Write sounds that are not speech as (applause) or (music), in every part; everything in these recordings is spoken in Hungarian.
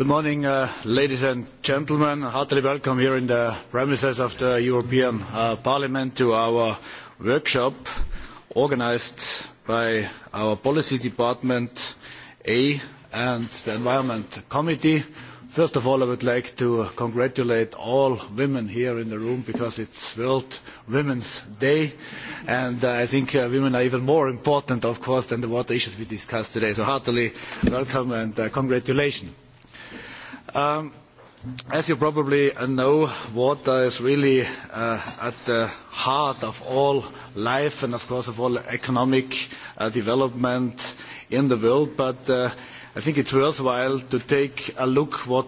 Good morning, uh, ladies and gentlemen. Heartily welcome here in the premises of the European uh, Parliament to our workshop organized by our Policy Department A and the Environment Committee. First of all, I would like to congratulate all women here in the room because it's World Women's Day. And uh, I think women are even more important, of course, than the water issues we discussed today. So heartily welcome and congratulations. Um, as you probably know, water is really uh, at the heart of all life and, of course, of all economic uh, development in the world. But uh, I think it's worthwhile to take a look what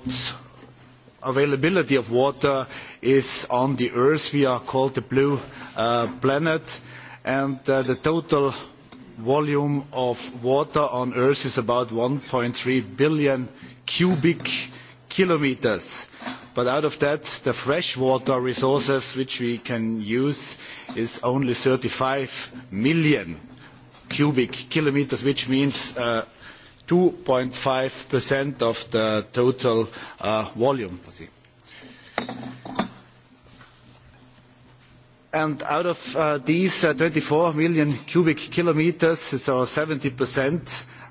availability of water is on the Earth. We are called the blue uh, planet, and uh, the total volume of water on Earth is about 1.3 billion cubic kilometers. But out of that, the freshwater resources which we can use is only 35 million cubic kilometers, which means uh, 2.5% of the total uh, volume. And out of uh, these uh, 24 million cubic kilometers, so 70%,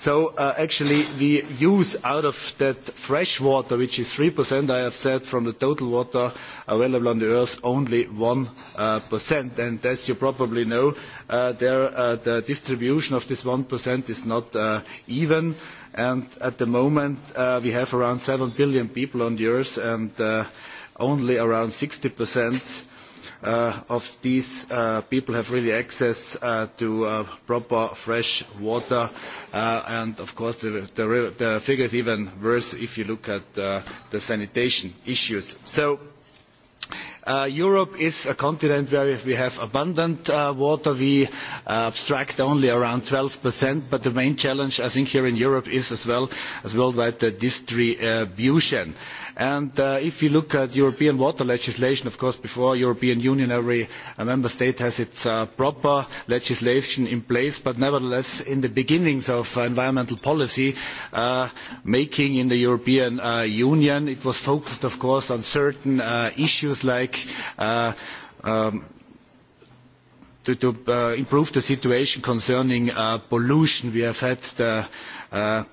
So uh, actually the use out of that fresh water, which is 3%, I have said, from the total water available on the earth, only 1%. Uh, percent. And as you probably know, uh, there, uh, the distribution of this 1% is not uh, even. And at the moment, uh, we have around 7 billion people on the earth and uh, only around 60% Uh, of these uh, people have really access uh, to proper fresh water. and of course, the, the, the figure is even worse if you look at the sanitation issues. So Uh, Europe is a continent where we have abundant uh, water. We uh, abstract only around 12%, but the main challenge, I think, here in Europe is as well as worldwide the distribution. Uh, And uh, if you look at European water legislation, of course, before European Union, every uh, member state has its uh, proper legislation in place, but nevertheless, in the beginnings of uh, environmental policy uh, making in the European uh, Union, it was focused, of course, on certain issues like um, to, to uh, improve the situation concerning uh, pollution. We have had the, uh,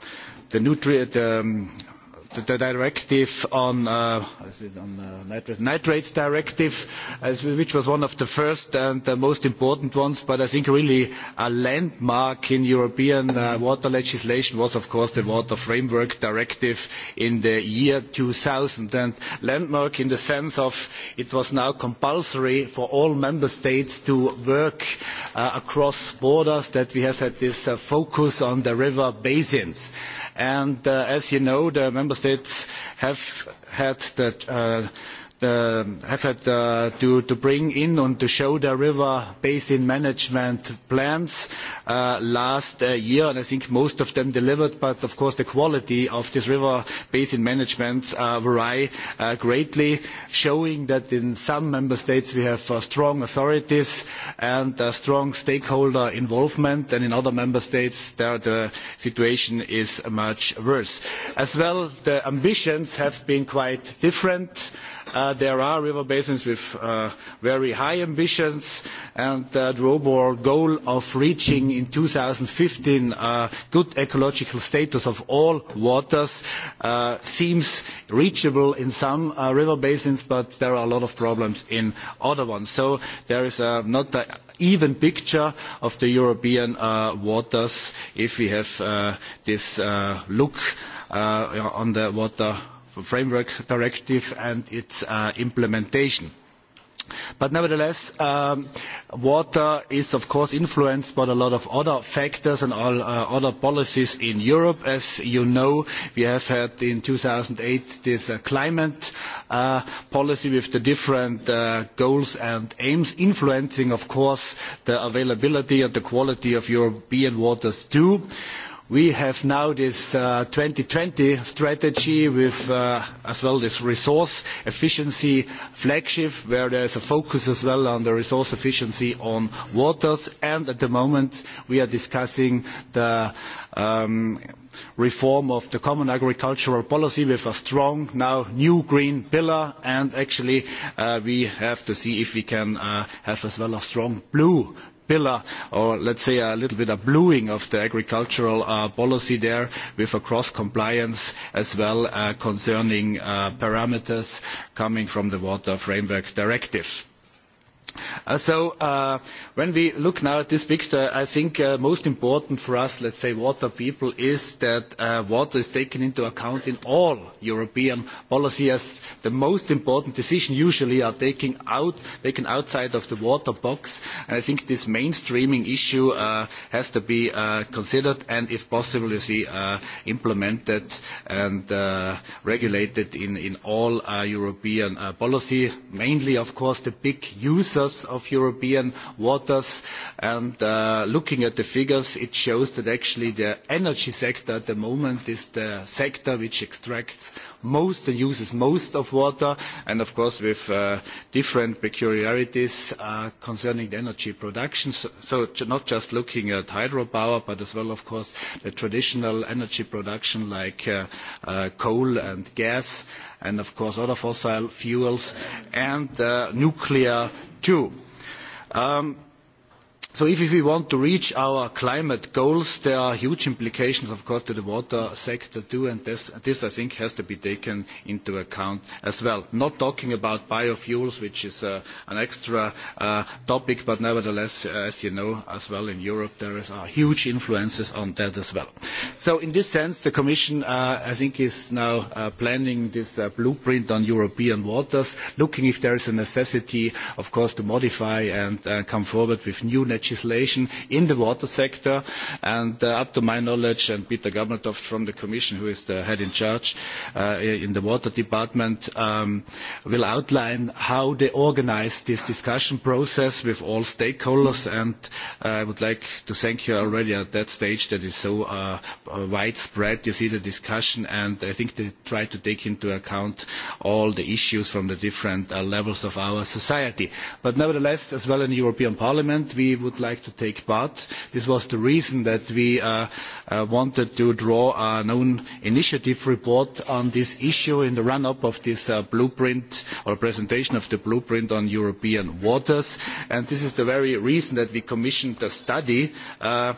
the, um, the directive on, uh, on uh, nitrates, nitrates directive, as, which was one of the first and the most important ones, but I think really a landmark in European uh, water legislation was, of course, the Water Framework Directive in the year 2000. And landmark in the sense of it was now compulsory for all member states to work uh, across borders, that we have had this uh, focus on the river basins. And uh, as you know, the member states States have had that uh, the uh, effort uh, to, to bring in and to show the river basin management plans uh, last uh, year, and I think most of them delivered. But of course, the quality of this river basin management uh, vary greatly, showing that in some member states we have strong authorities and strong stakeholder involvement, and in other member states there the situation is much worse. As well, the ambitions have been quite different. Uh, there are river basins with uh, very high ambitions, and uh, the overall goal of reaching in 2015 uh, good ecological status of all waters uh, seems reachable in some uh, river basins, but there are a lot of problems in other ones. So there is uh, not an even picture of the European uh, waters if we have uh, this uh, look uh, on the water framework directive and its uh, implementation. But nevertheless, um, water is of course influenced by a lot of other factors and all, uh, other policies in Europe. As you know, we have had in 2008 this uh, climate uh, policy with the different uh, goals and aims influencing, of course, the availability and the quality of European waters too we have now this uh, 2020 strategy with uh, as well this resource efficiency flagship where there is a focus as well on the resource efficiency on waters and at the moment we are discussing the um, reform of the common agricultural policy with a strong now new green pillar and actually uh, we have to see if we can uh, have as well a strong blue pillar or let's say a little bit of blueing of the agricultural uh, policy there with a cross compliance as well uh, concerning uh, parameters coming from the water framework directive. Uh, so uh, when we look now at this picture, I think uh, most important for us, let's say water people, is that uh, water is taken into account in all European policy as the most important decision usually are taken, out, taken outside of the water box. And I think this mainstreaming issue uh, has to be uh, considered and if possible, you see, uh, implemented and uh, regulated in, in all uh, European uh, policy, mainly, of course, the big users waters of European waters. And uh, looking at the figures, it shows that actually the energy sector at the moment is the sector which extracts most and uses most of water, and of course with uh, different peculiarities uh, concerning the energy production. So, not just looking at hydropower, but as well, of course, the traditional energy production like coal and gas and of course other fossil fuels and uh, nuclear too. Um, So if, we want to reach our climate goals, there are huge implications, of course, to the water sector too, and this, this I think has to be taken into account as well. Not talking about biofuels, which is uh, an extra uh, topic, but nevertheless, uh, as you know, as well in Europe, there is, are uh, huge influences on that as well. So in this sense, the Commission, uh, I think, is now uh, planning this blueprint on European waters, looking if there is a necessity, of course, to modify and come forward with new legislation in the water sector. And uh, up to my knowledge, and Peter Gabertov from the Commission, who is the head in charge uh, in the water department, um, will outline how they organize this discussion process with all stakeholders. And uh, I would like to thank you already at that stage that is so uh, widespread. You see the discussion, and I think they try to take into account all the issues from the different uh, levels of our society. But nevertheless, as well in the European Parliament, we would like to take part. This was the reason that we uh, uh, wanted to draw an own initiative report on this issue in the run-up of this uh, blueprint or presentation of the blueprint on European waters. And this is the very reason that we commissioned a study uh,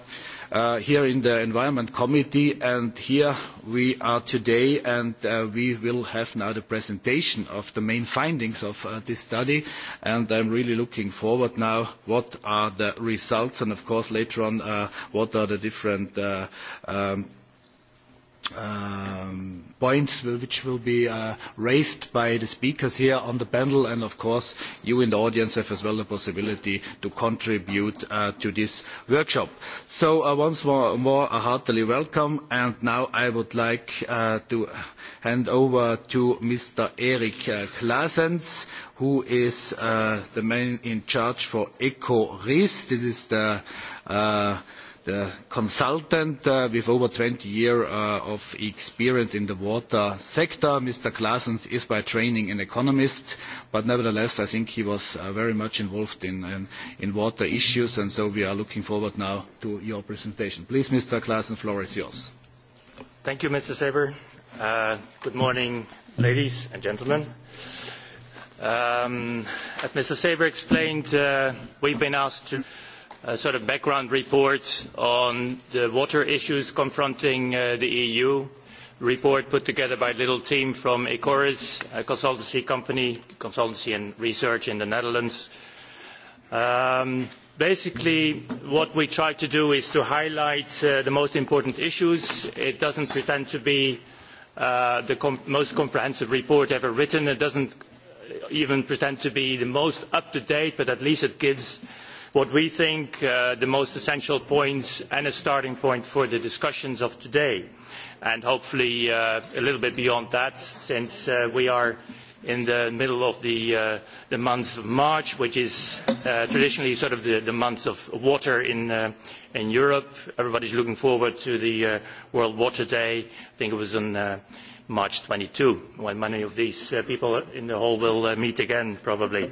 uh, here in the Environment Committee, and here we are today, and uh, we will have now the presentation of the main findings of uh, this study, and I'm really looking forward now what are the results, and of course later on uh, what are the different uh, um, um, points which will be uh, raised by the speakers here on the panel and of course you in the audience have as well the possibility to contribute uh, to this workshop. So uh, once more, more a heartily welcome and now I would like uh, to hand over to Mr. Erik Klaasens uh, who is uh, the man in charge for ECORIS. This is the the consultant uh, with over 20 years uh, of experience in the water sector. Mr. Claessens is by training an economist, but nevertheless, I think he was uh, very much involved in, water issues, and so we are looking forward now to your presentation. Please, Mr. Claessens, floor is yours. Thank you, Mr. Saber. good morning, ladies and gentlemen. Um, as Mr. Saber explained, we've been asked to a sort of background report on the water issues confronting uh, the EU, report put together by a little team from Ecoris, a consultancy company, consultancy and research in the Netherlands. Um, basically, what we try to do is to highlight uh, the most important issues. It doesn't pretend to be uh, the com most comprehensive report ever written. It doesn't uh, even pretend to be the most up-to-date, but at least it gives what we think are uh, the most essential points and a starting point for the discussions of today and hopefully uh, a little bit beyond that since uh, we are in the middle of the, uh, the month of March, which is uh, traditionally sort of the, the month of water in, uh, in Europe. Everybody's looking forward to the uh, World Water Day. I think it was on uh, March 22, when many of these uh, people in the hall will uh, meet again, probably.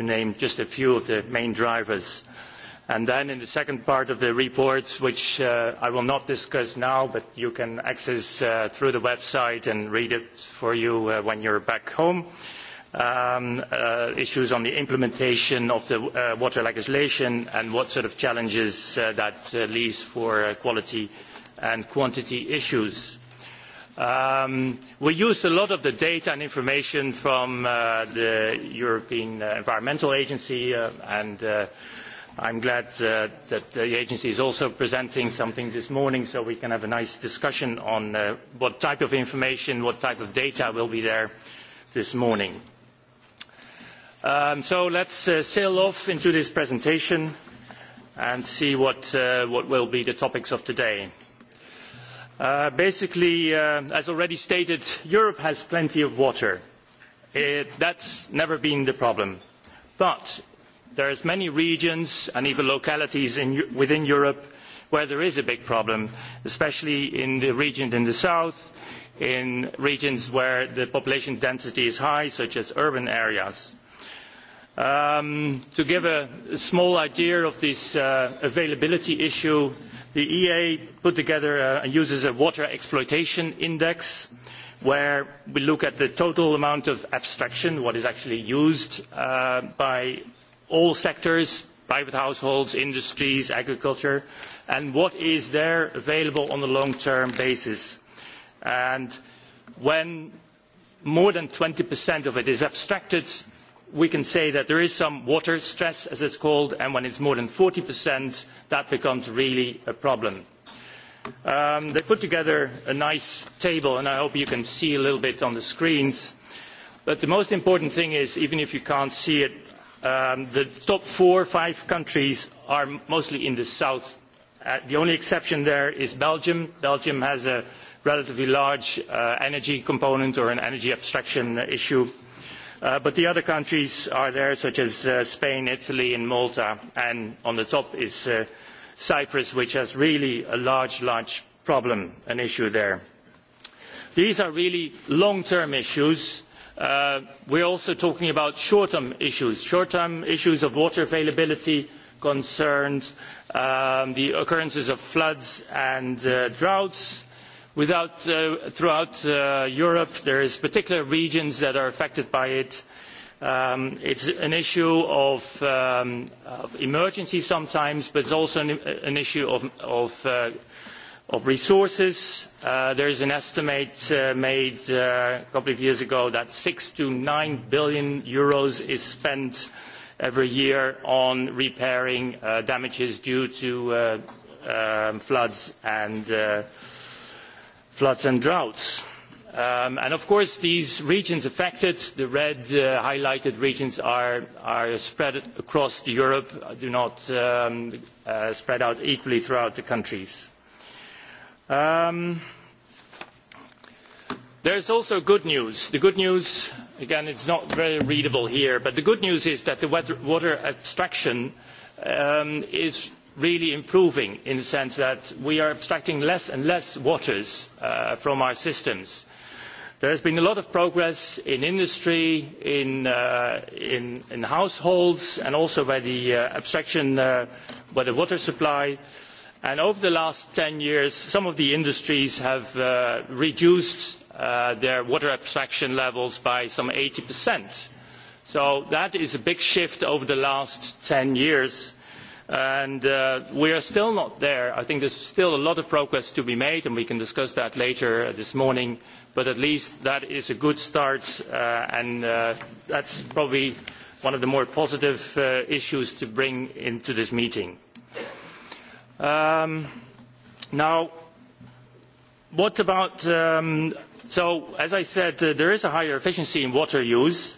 to name just a few of the main drivers. And then in the second part of the report, which uh, I will not discuss now, but you can access uh, through the website and read it for you uh, when you're back home, um, uh, issues on the implementation of the uh, water legislation and what sort of challenges uh, that uh, leaves for uh, quality and quantity issues. Um, we used a lot of the data and information from uh, the European uh, Environmental Agency, uh, and i am glad that the agency is also presenting something this morning so we can have a nice discussion on what type of information, what type of data will be there this morning. Um, so let us sail off into this presentation and see what, what will be the topics of today. Uh, basically, uh, as already stated, Europe has plenty of water. that uh, that's never been the problem. But there are many regions and even localities within Europe where there is a big problem, especially in the regions in the south, in regions where the population density is high, such as urban areas. Um, to give a, small idea of this availability issue, the eea put together and uses a water exploitation index where we look at the total amount of abstraction, what is actually used uh, by all sectors, private households, industries, agriculture, and what is there available on a long-term basis. when more than twenty of it is abstracted, we can say that there is some water stress as it's called and when it's more than 40% that becomes really a problem. Um, they put together a nice table and I hope you can see a little bit on the screens. But the most important thing is, even if you can't see it, um, the top four or five countries are mostly in the south. Uh, the only exception there is Belgium. Belgium has a relatively large uh, energy component or an energy abstraction issue. Uh, Uh, but the other countries are there such as uh, spain italy and malta and on the top is uh, cyprus which has really a large problem an issue there. these are really long term issues. we are also talking about short term issues short term issues of water availability concerns um, the occurrences of floods and droughts Uh, throughout uh, Europe, there are particular regions that are affected by it. it um, it's an issue um, of, emergency sometimes, but it's also an, issue of, uh, resources. there is an estimate made a couple of years ago that six to nine billion euros is spent every year on repairing damages due to um, floods and floods and droughts. Um, of course these regions affected the red uh, highlighted regions are, are spread across europe uh, do not um, uh, spread out equally throughout the countries. Um, there is also good news. the good news again it is not very readable here but the good news is that the water abstraction um, is really improving in the sense that we are abstracting less and less water uh, from our systems. There has been a lot of progress in industry, in, uh, in, in households, and also by the uh, abstraction, uh, by the water supply. And over the last 10 years, some of the industries have uh, reduced uh, their water abstraction levels by some 80%. So that is a big shift over the last 10 years and uh, we are still not there. i think there is still a lot of progress to be made and we can discuss that later uh, this morning but at least that is a good start uh, and uh, that is probably one of the more positive uh, issues to bring into this meeting. Um, now what about um, so as i said uh, there is a higher efficiency in water use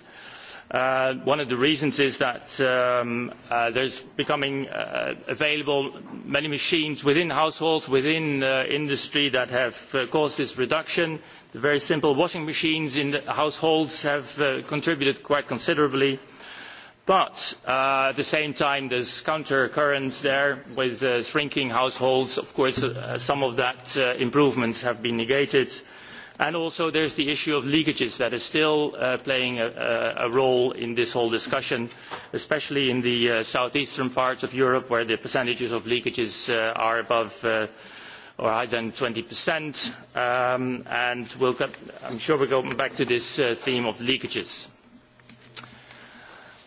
Uh, one of the reasons is that um, uh, there's becoming uh, available many machines within households, within uh, industry that have uh, caused this reduction. The very simple washing machines in the households have uh, contributed quite considerably. But uh, at the same time, there's counter currents there with uh, shrinking households. Of course, uh, some of that uh, improvements have been negated. Uh, and also there is the issue of leakages that is still uh, playing a, role in this whole discussion especially in the uh, south eastern parts of europe where the percentages of leakages uh, are above uh, or higher than twenty um, and i am sure we will come back to this theme of leakages.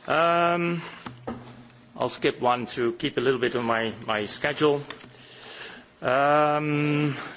i um, will skip one to keep a little bit of my, schedule. Um,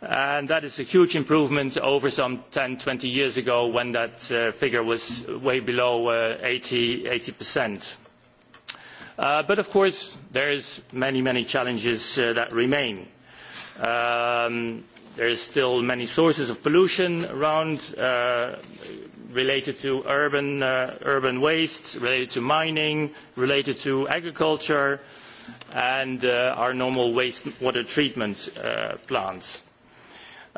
and that is a huge improvement over some 10, twenty years ago when that uh, figure was way below uh, 80, 80%. Uh, but of course, there is many, many challenges uh, that remain. Um, there is still many sources of pollution around uh, related to urban, uh, urban waste, related to mining, related to agriculture, and uh, our normal wastewater treatment uh, plants.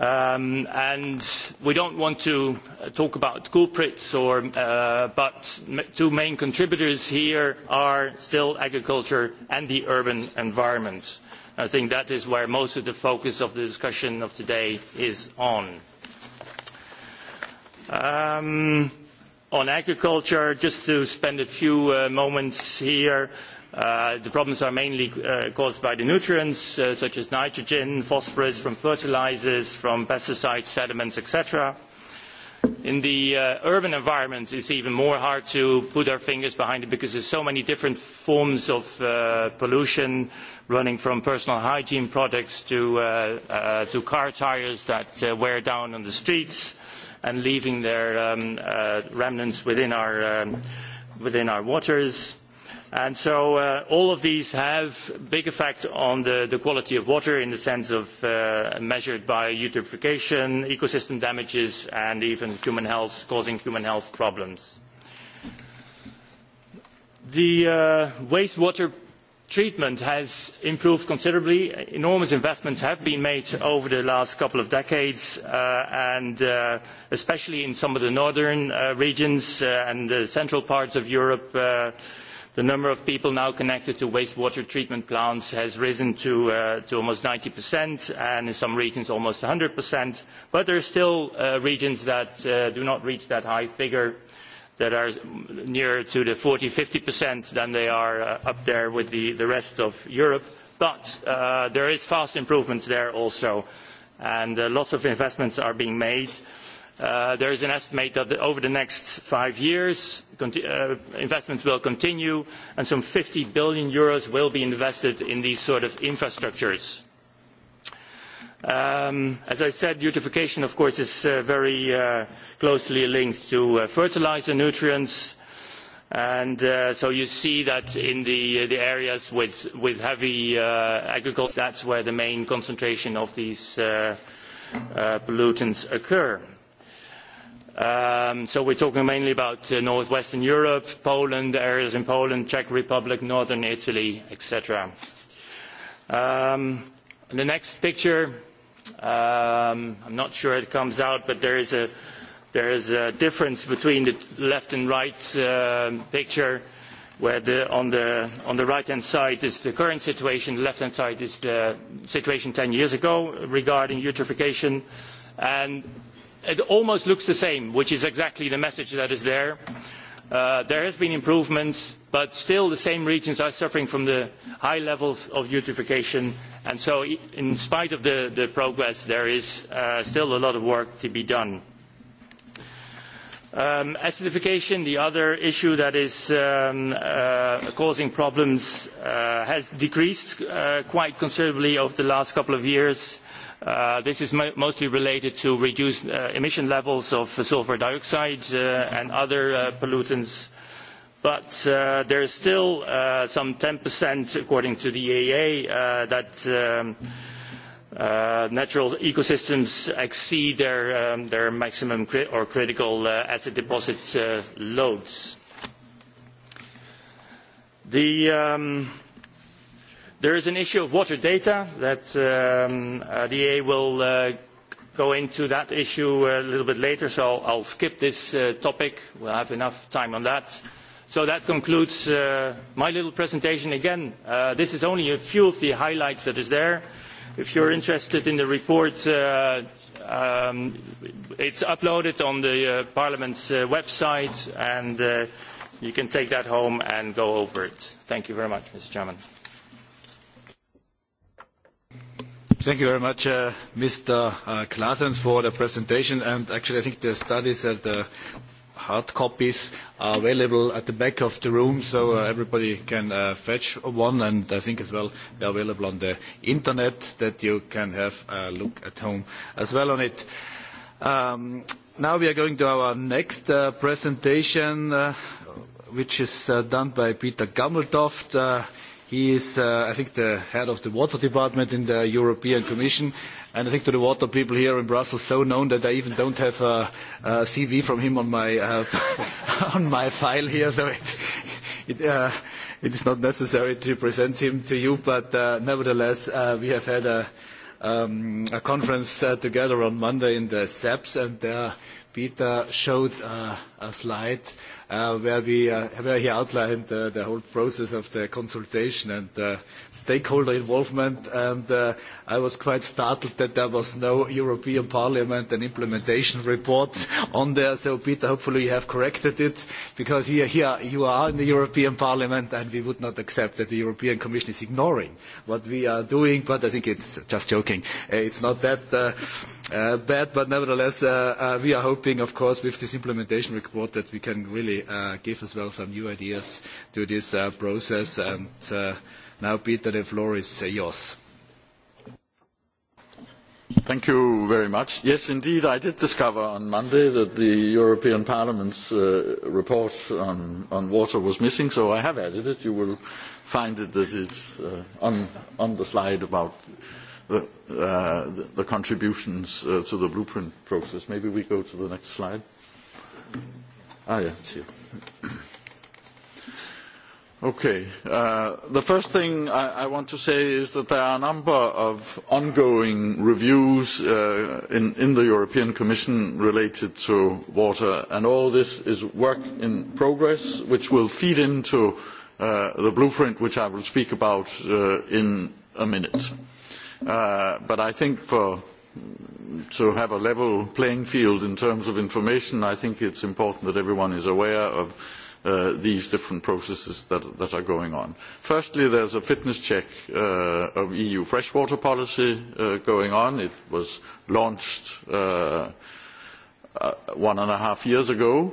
Um, and we do not want to talk about culprits uh, but the two main contributors here are still agriculture and the urban environment. i think that is where most of the focus of the discussion of today is on. Um, on agriculture just to spend a few uh, moments here Uh, the problems are mainly uh, caused by the nutrients uh, such as nitrogen, phosphorus from fertilisers from pesticides, sediments, etc. In the uh, urban environments, it's even more hard to put our fingers behind it because there's so many different forms of uh, pollution running from personal hygiene products to, uh, uh, to car tyres that uh, wear down on the streets and leaving their um, uh, remnants within our, um, within our waters And so uh, all of these have a big effect on the, quality of water in the sense of uh, measured by eutrophication, ecosystem damages, and even human health, causing human health problems. The uh, waste water treatment has improved considerably. Enormous investments have been made over the last couple of decades, and especially in some of the northern regions and the central parts of Europe, the number of people now connected to wastewater treatment plants has risen to, uh, almost ninety and in some regions almost one hundred but there are still uh, regions that uh, do not reach that high figure that are nearer to the forty 40-50% than they are up there with the, rest of Europe. But there is fast improvement there also, and lots of investments are being made. Uh, there is an estimate that over the next five years, uh, investments will continue, and some 50 billion euros will be invested in these sort of infrastructures. Um, as I said, eutrophication, of course, is uh, very closely linked to fertiliser fertilizer nutrients. And so you see that in the, areas with, heavy agriculture, that's where the main concentration of these pollutants occur. Um, so we are talking mainly about uh, north western europe poland areas in poland czech republic northern italy etc. Um, the next picture i am um, not sure it comes out but there is a, difference between the left and right um, picture where on, the, on the right hand side is the current situation the left hand side is the situation ten years ago regarding eutrophication and it almost looks the same which is exactly the message that is there. Uh, there have been improvements but still the same regions are suffering from the high level of eutrophication and so in spite of the, progress there is uh, still a lot of work to be done. Um, acidification the other issue that is um, uh, causing problems uh, has decreased quite considerably over the last couple of years Uh, this is mostly related to reduced uh, emission levels of sulphur dioxide uh, and other pollutants but there is still some ten according to the eea that um, natural ecosystems exceed their, um, maximum or critical acid deposit loads. the um, There is an issue of water data that um, uh, the EA will uh, go into that issue a little bit later, so I'll skip this uh, topic. We'll have enough time on that. So that concludes uh, my little presentation. Again, uh, this is only a few of the highlights that is there. If you're interested in the report, uh, um, it's uploaded on the uh, Parliament's uh, website, and uh, you can take that home and go over it. Thank you very much, Mr. Chairman. Thank you very much, uh, Mr. Claessens, uh, for the presentation. And actually, I think the studies and the hard copies are available at the back of the room, so uh, everybody can fetch one. And I think as well they're available on the internet that you can have a look at home as well on it. Um, now we are going to our next presentation, which is done by Peter Gammeltoft He is, uh, I think, the head of the water department in the European Commission. And I think to the water people here in Brussels, so known that I even don't have a, a CV from him on my, uh, (laughs) on my file here. So it, it, uh, it is not necessary to present him to you. But uh, nevertheless, uh, we have had a, um, a conference uh, together on Monday in the SEPS, e and uh, Peter showed uh, a slide Uh, where, we, uh, where he outlined uh, the whole process of the consultation and uh, stakeholder involvement. And uh, I was quite startled that there was no European Parliament and implementation report on there. So, Peter, hopefully you have corrected it, because here, here you are in the European Parliament, and we would not accept that the European Commission is ignoring what we are doing. But I think it's just joking. Eh, it's not that uh, uh, bad, but nevertheless, uh, uh, we are hoping, of course, with this implementation report that we can really uh, give as well some new ideas to this uh, process. And now, Peter, the floor is yours. Yes, indeed, I did discover on Monday that the European Parliament's uh, report on, water was missing, so I have added it. You will find it that it's uh, on, the slide about the, uh, contributions uh, to the blueprint process. Maybe we go to the next slide. Ah, Okay. Uh, the first thing I, I want to say is that there are a number of ongoing reviews uh, in, in the European Commission related to water, and all this is work in progress, which will feed into uh, the blueprint, which I will speak about uh, in a minute. Uh, but I think for to have a level playing field in terms of information, I think it's important that everyone is aware of uh, these different processes that, that, are going on. Firstly, there's a fitness check uh, of EU freshwater policy uh, going on. It was launched uh, uh, one and a half years ago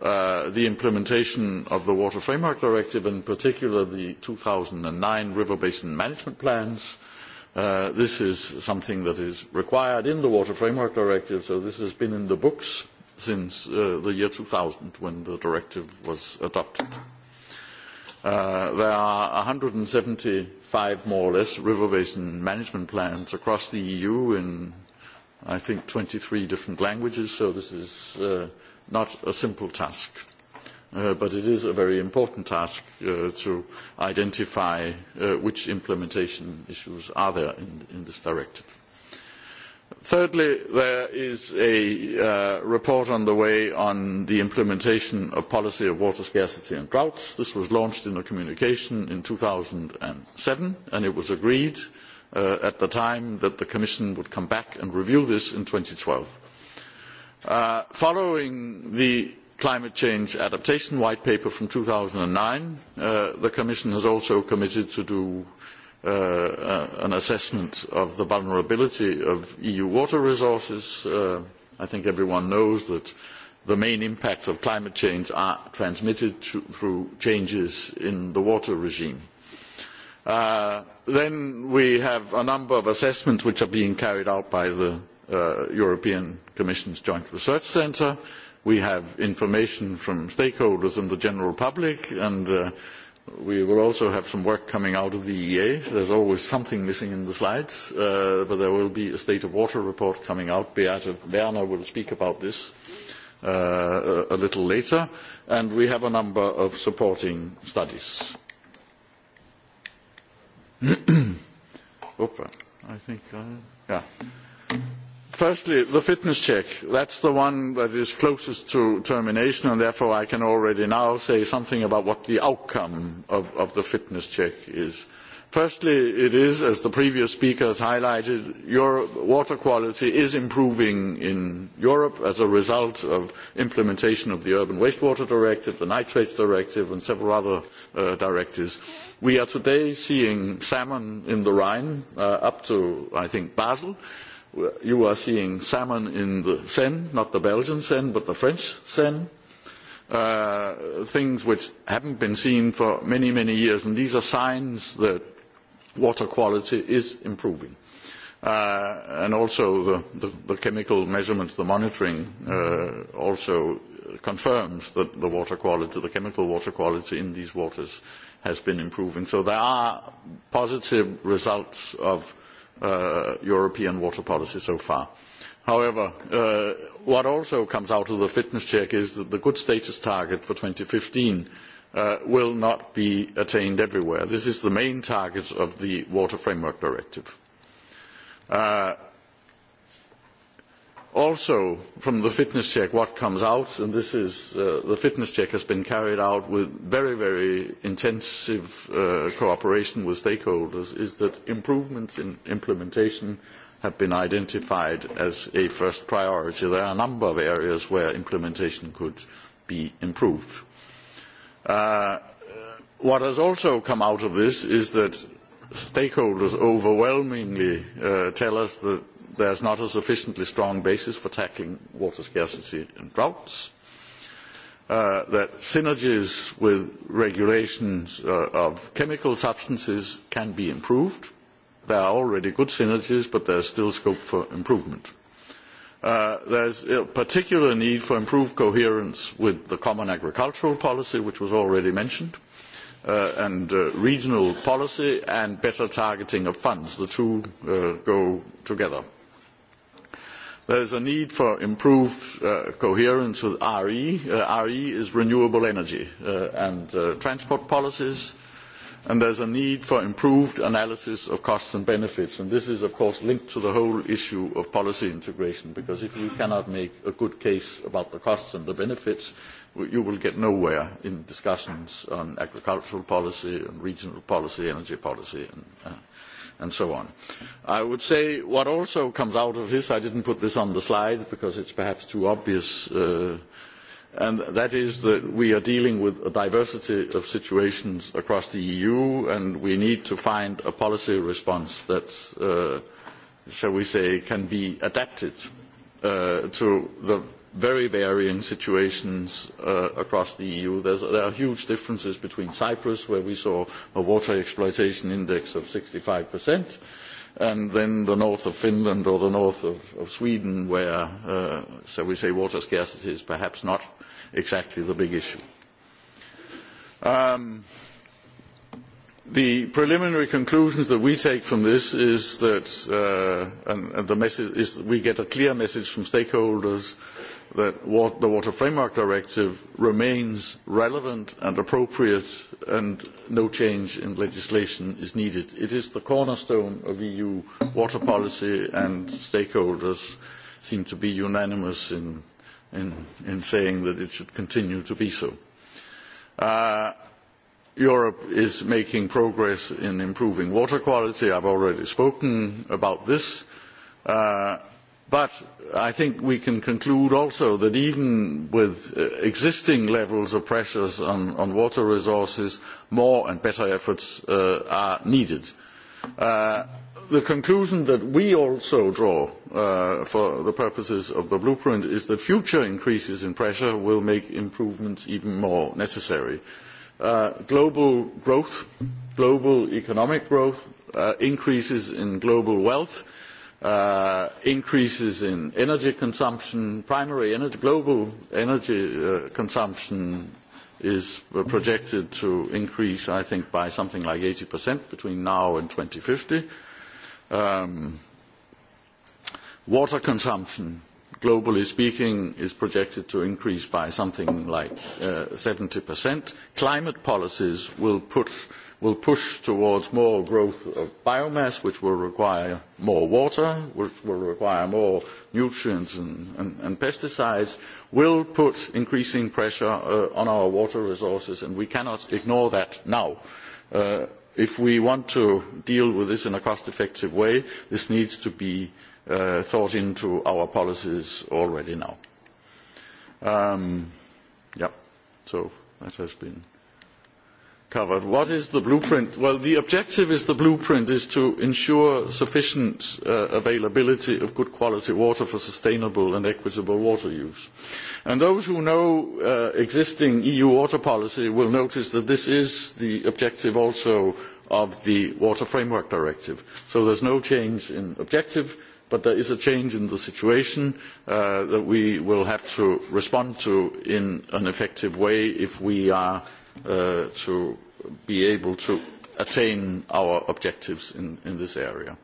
Uh, the implementation of the Water Framework Directive, in particular the two thousand and nine River Basin Management Plans. Uh, this is something that is required in the Water Framework Directive, so this has been in the books since uh, the year two thousand when the directive was adopted. there are one hundred and seventy five more or less river basin management plans across the EU in, I think, twenty three different languages, so this is not a simple task. Uh, but it is a very important task uh, to identify uh, which implementation issues are there in, in this directive. Thirdly, there is a report on the way on the implementation of policy of water scarcity and droughts. This was launched in a communication in 2007, and it was agreed at the time that the Commission would come back and review this in 2012 Uh, following the climate change adaptation white paper from 2009, nine uh, the Commission has also committed to do uh, an assessment of the vulnerability of EU water resources. I think everyone knows that the main impacts of climate change are transmitted through changes in the water regime. then we have a number of assessments which are being carried out by the Uh, European Commission's Joint Research Centre. We have information from stakeholders and the general public, and uh, we will also have some work coming out of the eea there is always something missing in the slides, uh, but there will be a state of water report coming out. Beate Werner will speak about this a little later, and we have a number of supporting studies. (clears throat) firstly the fitness check that is the one that is closest to termination and therefore i can already now say something about what the outcome of, the fitness check is. firstly it is as the previous speaker has highlighted europe, water quality is improving in europe as a result of implementation of the urban wastewater directive the nitrates directive and several other uh, directives. we are today seeing salmon in the rhine uh, up to i think basel you are seeing salmon in the Seine, not the Belgian Seine, but the French Seine. Uh, things which haven't been seen for many, many years, and these are signs that water quality is improving. Uh, and also the, the, the, chemical measurements, the monitoring, uh, also confirms that the water quality, the chemical water quality in these waters has been improving. So there are positive results of uh, European water policy so far. However, uh, what also comes out of the fitness check is that the good status target for 2015 uh, will not be attained everywhere. This is the main target of the Water Framework Directive. Uh, also from the fitness check what comes out and this is uh, the fitness check has been carried out with very very intensive uh, cooperation with stakeholders is that improvements in implementation have been identified as a first priority there are a number of areas where implementation could be improved uh, what has also come out of this is that stakeholders overwhelmingly uh, tell us that there is not a sufficiently strong basis for tackling water scarcity and droughts. Uh, that synergies with regulations uh, of chemical substances can be improved. There are already good synergies, but there is still scope for improvement. Uh, there is a particular need for improved coherence with the common agricultural policy, which was already mentioned, and regional policy, and better targeting of funds. The two go together there is a need for improved uh, coherence with RE. Uh, RE is renewable energy uh, and uh, transport policies, and there is a need for improved analysis of costs and benefits. And this is, of course, linked to the whole issue of policy integration, because if you cannot make a good case about the costs and the benefits, you will get nowhere in discussions on agricultural policy and regional policy, energy policy, and, and so on i would say what also comes out of this i did not put this on the slide because it is perhaps too obvious uh, and that is that we are dealing with a diversity of situations across the eu and we need to find a policy response that uh, shall we say can be adapted uh, to the very varying situations across the EU. there are huge differences between Cyprus, where we saw a water exploitation index of 65 five and then the north of Finland or the north of, Sweden, where, uh, shall we say, water scarcity is perhaps not exactly the big issue. Um, the preliminary conclusions that we take from this is that, uh, we get a clear message from stakeholders uh, that the Water Framework Directive remains relevant and appropriate and no change in legislation is needed. It is the cornerstone of EU water policy and stakeholders seem to be unanimous in, in, in saying that it should continue to be so. Uh, Europe is making progress in improving water quality. I've already spoken about this. Uh, But I think we can conclude also that even with uh, existing levels of pressures on, water resources, more and better efforts uh, are needed. Uh, the conclusion that we also draw for the purposes of the blueprint is that future increases in pressure will make improvements even more necessary. global growth, global economic growth, increases in global wealth, Uh, increases in energy consumption, primary global energy uh, consumption is projected to increase, I think, by something like 80% between now and 2050. fifty um, water consumption, globally speaking, is projected to increase by something like uh, seventy 70%. Climate policies will put will push towards more growth of biomass, which will require more water, which will require more nutrients and, and, and pesticides, will put increasing pressure uh, on our water resources, and we cannot ignore that now. Uh, if we want to deal with this in a cost-effective way, this needs to be uh, thought into our policies already now. Um, yeah, so that has been covered. What is the blueprint? Well, the objective is the blueprint is to ensure sufficient uh, availability of good quality water for sustainable and equitable water use. And those who know uh, existing EU water policy will notice that this is the objective also of the Water Framework Directive. So there's no change in objective, but there is a change in the situation uh, that we will have to respond to in an effective way if we are Uh, to be able to attain our objectives in, in this area.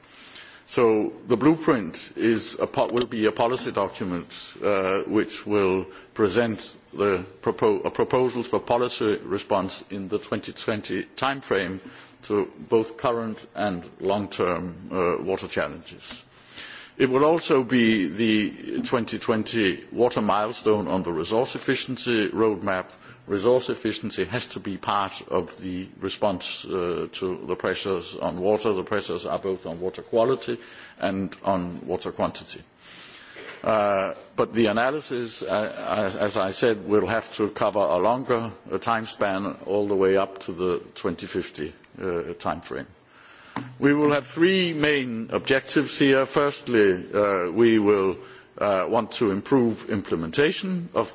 So the blueprint is a, will be a policy document uh, which will present the propo proposals for policy response in the 2020 timeframe to both current and long-term uh, water challenges. It will also be the 2020 water milestone on the resource efficiency roadmap resource efficiency has to be part of the response uh, to the pressures on water. The pressures are both on water quality and on water quantity. Uh, but the analysis, uh, as, as I said, will have to cover a longer uh, time span all the way up to the 2050 uh, time frame. We will have three main objectives here. Firstly, uh, we will uh, want to improve implementation of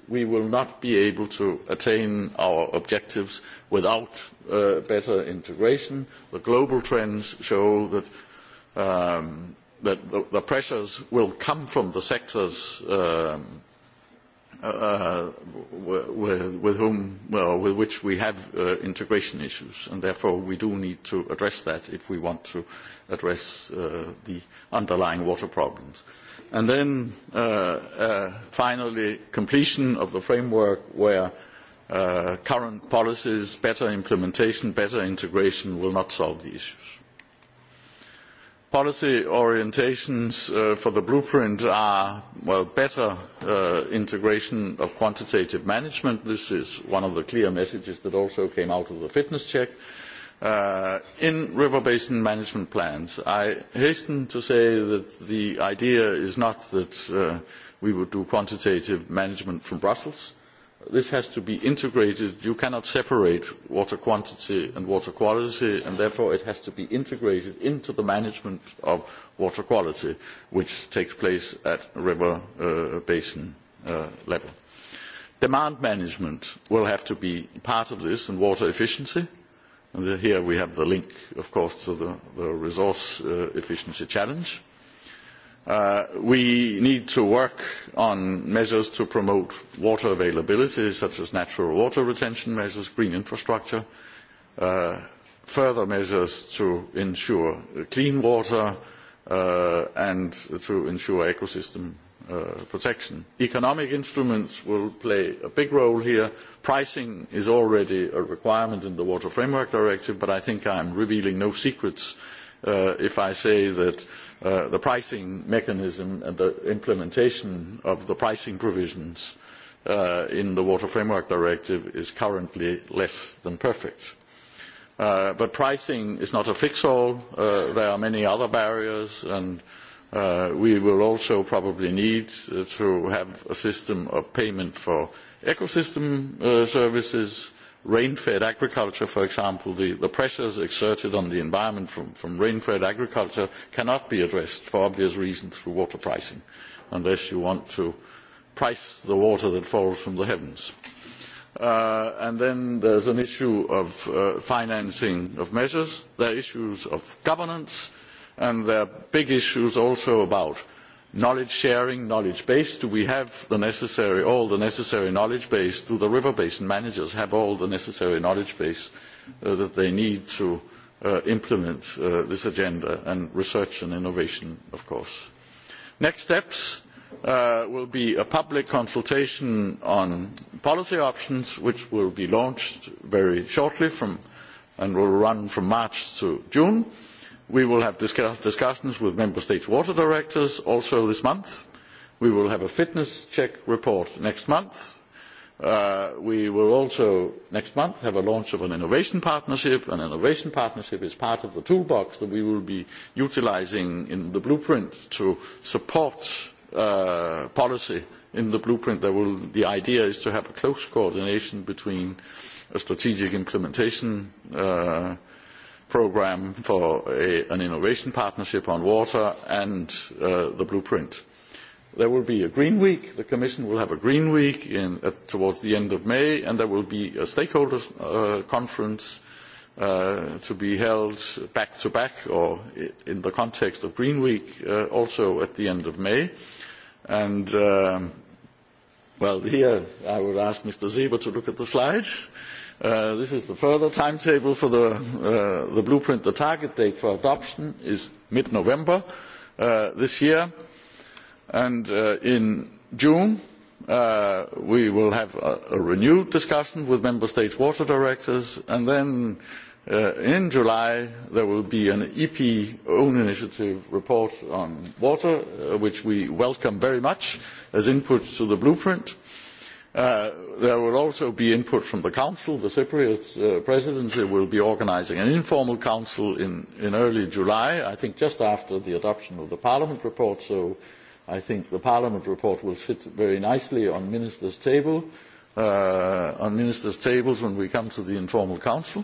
we will not be able to attain our objectives without uh, better integration. The global trends show that, um, the, pressures will come from the sectors um, uh, with, whom, with which we have uh, integration issues, and therefore we do need to address that if we want to address the underlying water problems. And then uh, uh, finally, completion of the framework where uh, current policies, better implementation, better integration will not solve the issues. Policy orientations uh, for the blueprint are well, better uh, integration of quantitative management. This is one of the clear messages that also came out of the fitness check. Uh, Uh, in river basin management plans i hasten to say that the idea is not that uh, we would do quantitative management from brussels this has to be integrated you cannot separate water quantity and water quality and therefore it has to be integrated into the management of water quality which takes place at river uh, basin level demand management will have to be part of this and water efficiency And here we have the link, of course, to the, resource uh, efficiency challenge. Uh, we need to work on measures to promote water availability, such as natural water retention measures, green infrastructure, uh, further measures to ensure clean water, and to ensure ecosystem Uh, protection. economic instruments will play a big role here. pricing is already a requirement in the water framework directive but i think i am revealing no secrets uh, if I say that uh, the pricing mechanism and the implementation of the pricing provisions in the Water Framework Directive is currently less than perfect. but pricing is not a fix-all. there are many other barriers and Uh, we will also probably need uh, to have a system of payment for ecosystem uh, services, rain-fed agriculture, for example. The, pressures exerted on the environment from, rain-fed agriculture cannot be addressed, for obvious reasons, through water pricing, unless you want to price the water that falls from the heavens. and then there is an issue of financing of measures there are issues of governance and there are big issues also about knowledge sharing knowledge base do we have all the necessary knowledge base do the river basin managers have all the necessary knowledge base uh, that they need to uh, implement uh, this agenda and research and innovation of course. next steps will be a public consultation on policy options which will be launched very shortly and will run from march to june we will have discussions with member states' water directors also this month. we will have a fitness check report next month. Uh, we will also next month have a launch of an innovation partnership. an innovation partnership is part of the toolbox that we will be utilising in the blueprint to support uh, policy in the blueprint. the idea is to have close coordination between a strategic implementation uh, programme for a, an innovation partnership on water and uh, the blueprint. There will be a Green Week. The Commission will have a Green Week in, at, towards the end of May, and there will be a stakeholders uh, conference uh, to be held back to back or in the context of Green Week uh, also at the end of May. And, um, well, here I would ask Mr. Zeber to look at the slides. Uh, Uh, this is the further timetable for the, uh, the blueprint. The target date for adoption is mid-November uh, this year. And uh, in June, uh, we will have a, a renewed discussion with Member States water directors. And then uh, in July, there will be an EP own initiative report on water, uh, which we welcome very much as input to the blueprint Uh, there will also be input from the council. the cypriot uh, presidency will be organising an informal council in, early july i think just after the adoption of the parliament report so i think the parliament report will fit very nicely uh, on ministers' tables when we come to the informal council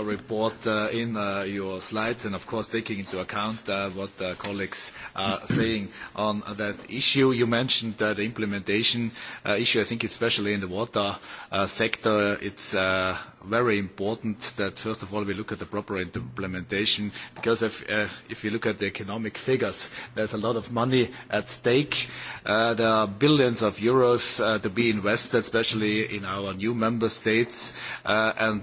report uh, in uh, your slides and of course taking into account uh, what uh, colleagues are (coughs) saying on that issue. You mentioned the implementation issue. I think especially in the water sector, it's very important that first of all we look at the proper implementation because if, if you look at the economic figures, there's a lot of money at stake. Uh, there are billions of euros uh, to be invested, especially in our new member states. Uh, and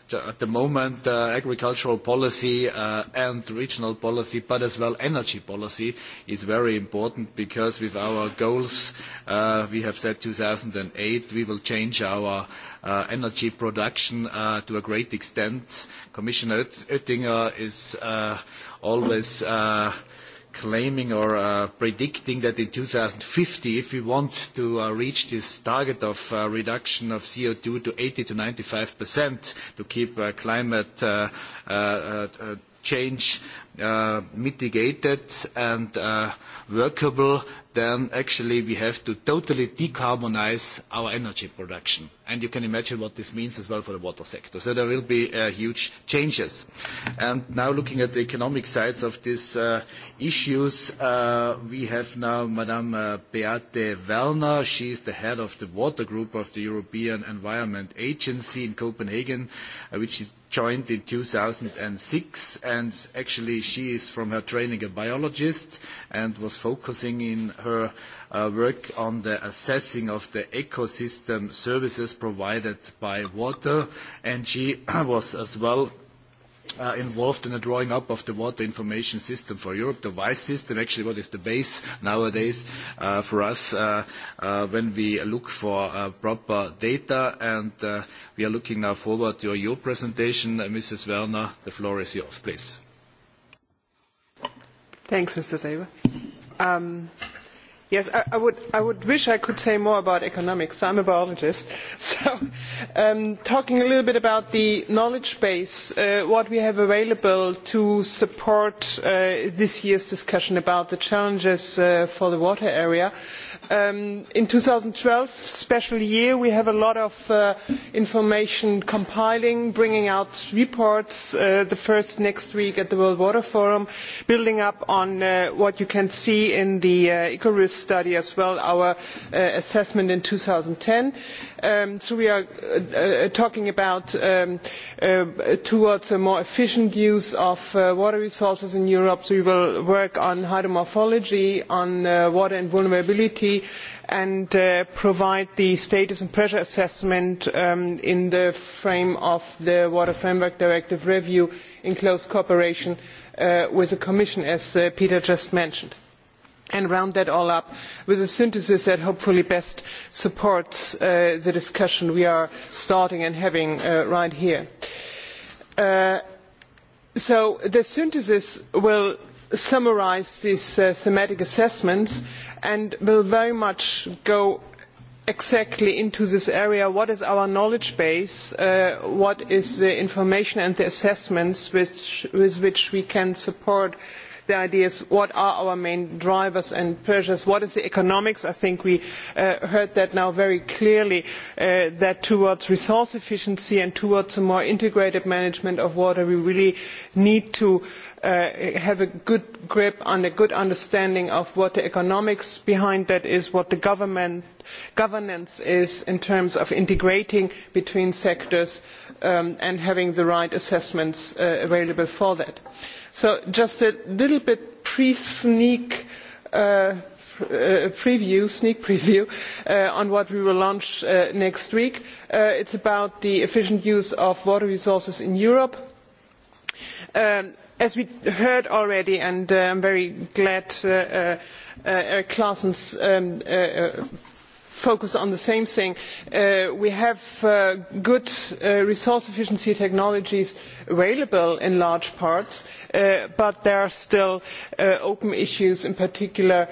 Uh, at the moment uh, agricultural policy uh, and regional policy, but as well energy policy is very important because with our goals uh, we have set 2008, we will change our uh, energy production uh, to a great extent. Commissioner Oettinger is uh, always uh, claiming or uh, predicting that in 2050, if we want to uh, reach this target of uh, reduction of CO2 to 80 to 95 percent to keep climate change mitigated and workable, then actually we have to totally decarbonize our energy production. And you can imagine what this means as well for the water sector. So there will be uh, huge changes. And now looking at the economic sides of these uh, issues, uh, we have now Madame Beate Wellner. She is the head of the water group of the European Environment Agency in Copenhagen, which she joined in 2006 and actually she is from her training a biologist and was focusing in her uh, work on the assessing of the ecosystem services provided by water, and she (clears throat) was as well Uh, involved in the drawing up of the water information system for Europe, the WISE system, actually what is the base nowadays uh, for us uh, uh, when we look for uh, proper data. And uh, we are looking now forward to your presentation. Uh, Mrs. Werner, the floor is yours, please. Thanks, Mr. Saber. Um, Yes, I, I, would, I would wish I could say more about economics. I'm a biologist. (laughs) So, um, talking a little bit about the knowledge base, uh, what we have available to support uh, this year's discussion about the challenges uh, for the water area. Uh, Um, in two thousand and twelve special year we have a lot of uh, information compiling bringing out reports uh, the first next week at the world water forum building up on uh, what you can see in the icarus study as well our assessment in two thousand and ten um, so we are talking about um, towards a more efficient use of water resources in europe so we will work on hydromorphology on water and vulnerability and uh, provide the status and pressure assessment um, in the frame of the Water Framework Directive review in close cooperation uh, with the Commission, as uh, Peter just mentioned and round that all up with a synthesis that hopefully best supports uh, the discussion we are starting and having uh, right here. Uh, so the synthesis will summarise these uh, thematic assessments and will very much go exactly into this area what is our knowledge base uh, what is the information and the assessments with which we can support the ideas what are our main drivers and pressures what is the economics i think we uh, heard that now very clearly that towards resource efficiency and towards a more integrated management of water we really need to Uh, have a good grip and a good understanding of what the economics behind that is what the governance is in terms of integrating between sectors um, and having the right assessments uh, available for that. so just a little bit pre sneak uh, preview, sneak (laughs) preview on what we will launch next week. It is about the efficient use of water resources in Europe. Um, as we heard already, and uh, I'm very glad uh, uh, uh Eric Klassen's um, uh, uh, focus on the same thing. Uh, we have uh, good uh, resource efficiency technologies available in large parts, uh, but there are still open issues, in particular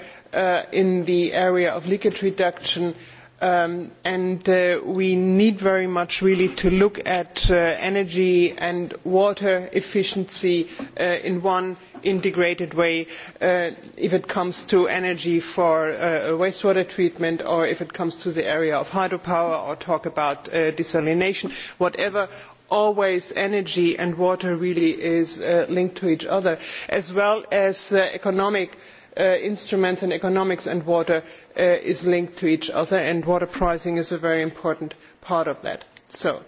in the area of leakage reduction, uh, Um, and uh, we need very much really to look at uh, energy and water efficiency uh, in one integrated way if it comes to energy for wastewater treatment or if it comes to the area of hydropower or talk about desalination whatever always energy and water really is linked to each other as well as economic Uh, instruments and economics and water uh, is linked to each other and water pricing is a very important part of that. So,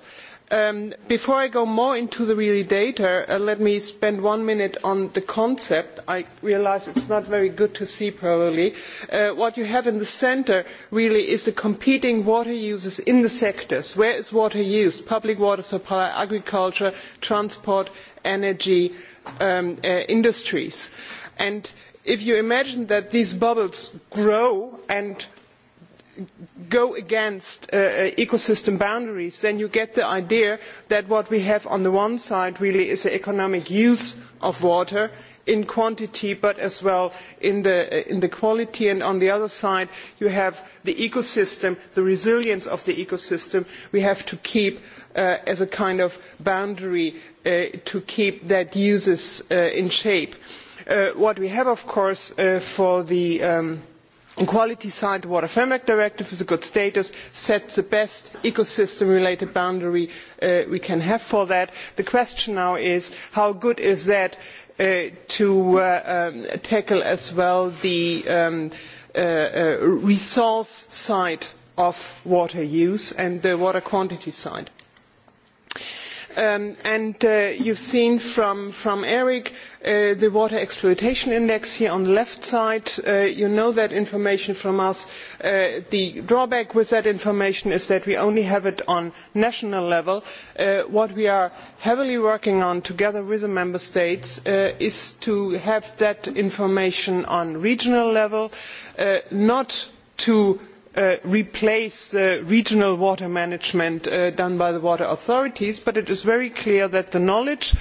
um, before I go more into the really data, uh, let me spend one minute on the concept. I realise it's not very good to see probably. what you have in the centre really is the competing water uses in the sectors. Where is water used? Public water supply, agriculture, transport, energy, um, industries. And if you imagine that these bubbles grow and go against uh, uh, ecosystem boundaries then you get the idea that what we have on the one side really is the economic use of water in quantity but as well in the, uh, in the quality and on the other side you have the ecosystem the resilience of the ecosystem we have to keep uh, as a kind of boundary uh, to keep that uses uh, in shape. Uh, Uh, what we have of course uh, for the quality um, equality side the water framework directive is a good status sets the best ecosystem related boundary uh, we can have for that. the question now is how good is that to um, tackle as well the um, resource side of water use and the water quantity side? and you have seen from, from eric that Uh, the water exploitation index here on the left side uh, you know that information from us. Uh, the drawback with that information is that we only have it on national level. what we are heavily working on together with the member states is to have that information on regional level not to replace the regional water management done by the water authorities but it is very clear that the knowledge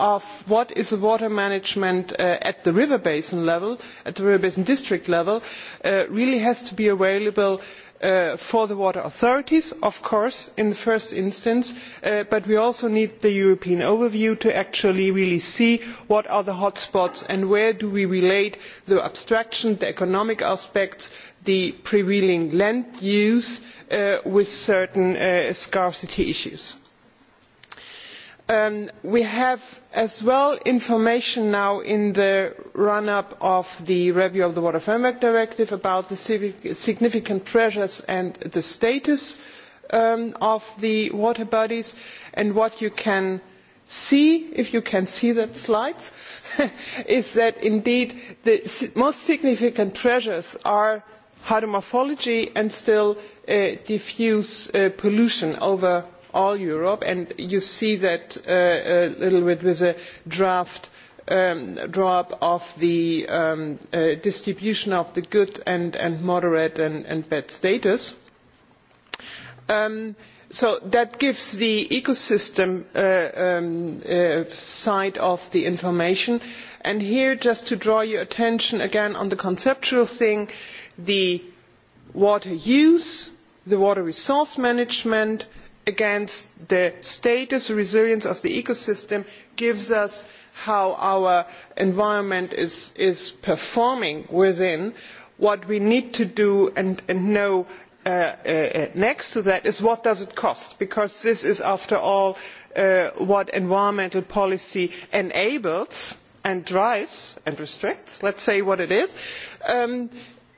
of what is the water management uh, at the river basin level, at the river basin district level, uh, really has to be available uh, for the water authorities, of course, in the first instance, but we also need the European overview to actually really see what are the hotspots and where do we relate the abstraction, the economic aspects, the prevailing land use with certain scarcity issues. Um, we have as well information now in the run up to the review of the water framework directive about the significant pressures and the status um, of the water bodies and what you can see if you can see that slide (laughs) is that indeed the most significant pressures are hydromorphology and still uh, diffuse uh, pollution over all Europe. And you see that uh, uh, a little bit with a draft um, draw up of the um, uh, distribution of the good and, and moderate and, and bad status. Um, so that gives the ecosystem uh, um, uh, side of the information. And here, just to draw your attention again on the conceptual thing, the water use, the water resource management, uh, against the status resilience of the ecosystem gives us how our environment is, performing within. What we need to do and, know uh, uh, next to that is what does it cost? Because this is, after all, uh, what environmental policy enables and drives and restricts. Let's say what it is. Um,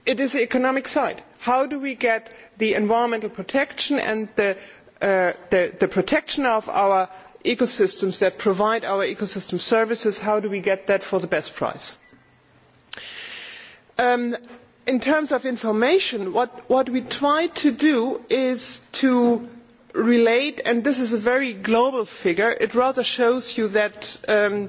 it is the economic side. How do we get the environmental protection and the Uh, the, protection of our ecosystems that provide our ecosystem services how do we get that for the best price? Um, in terms of information what, we try to do is to relate and this is a very global figure it rather shows you that um,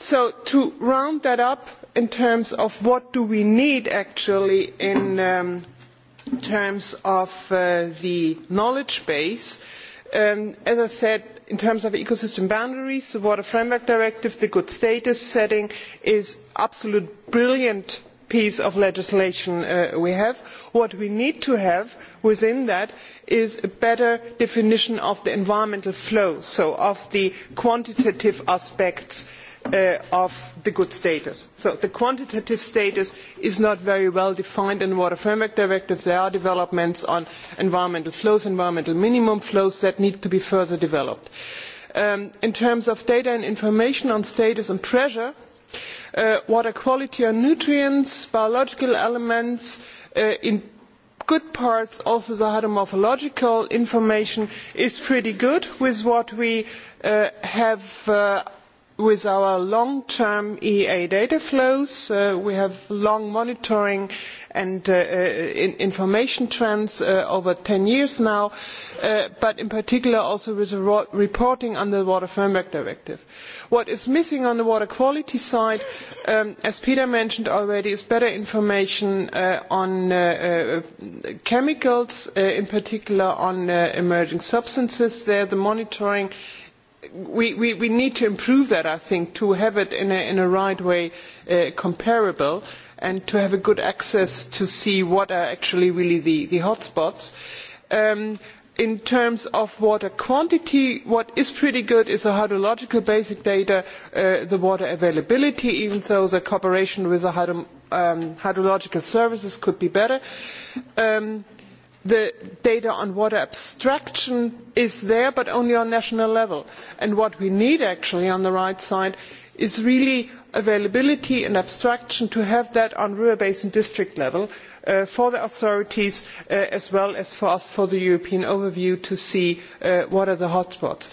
so to round that up in terms of what do we need actually in um, terms of uh, the knowledge base um, as i said in terms of ecosystem boundaries the water framework directive the good status setting is an absolutely brilliant piece of legislation uh, we have. what we need to have within that is a better definition of the environmental flow so of the quantitative aspects uh, Uh, of the good status. So the quantitative status is not very well defined in the Water Framework Directive. There are developments on environmental flows, environmental minimum flows that need to be further developed. Um, in terms of data and information on status and pressure, uh, water quality and nutrients, biological elements, uh, in good parts also the hydromorphological information is pretty good with what we uh, have uh, with our long term eea data flows uh, we have long monitoring and uh, uh, information trends over ten years now but in particular also with reporting under the water framework directive. what is missing on the water quality side um, as peter mentioned already is better information on chemicals in particular on emerging substances there the monitoring we, we, we need to improve that, I think, to have it in a, in a right way uh, comparable and to have a good access to see what are actually really the, the hotspots. Um, in terms of water quantity what is pretty good is the hydrological basic data uh, the water availability even though the cooperation with the hydro, um, hydrological services could be better. Um, the data on water abstraction is there but only on national level and what we need actually on the right side is really availability and abstraction to have that on river basin district level uh, for the authorities uh, as well as for us for the european overview to see uh, what are the hot spots.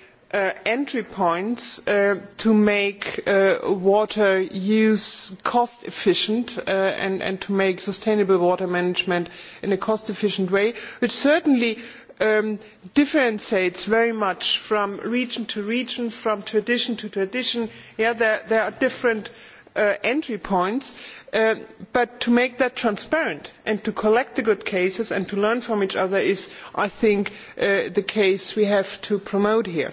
Uh, entry points uh, to make uh, water use cost efficient and, to make sustainable water management in a cost efficient way, which certainly um, differentiates very much from region to region, from tradition to tradition. there are different entry points, but to make that transparent and to collect the good cases and to learn from each other is, I think, the case we have to promote here.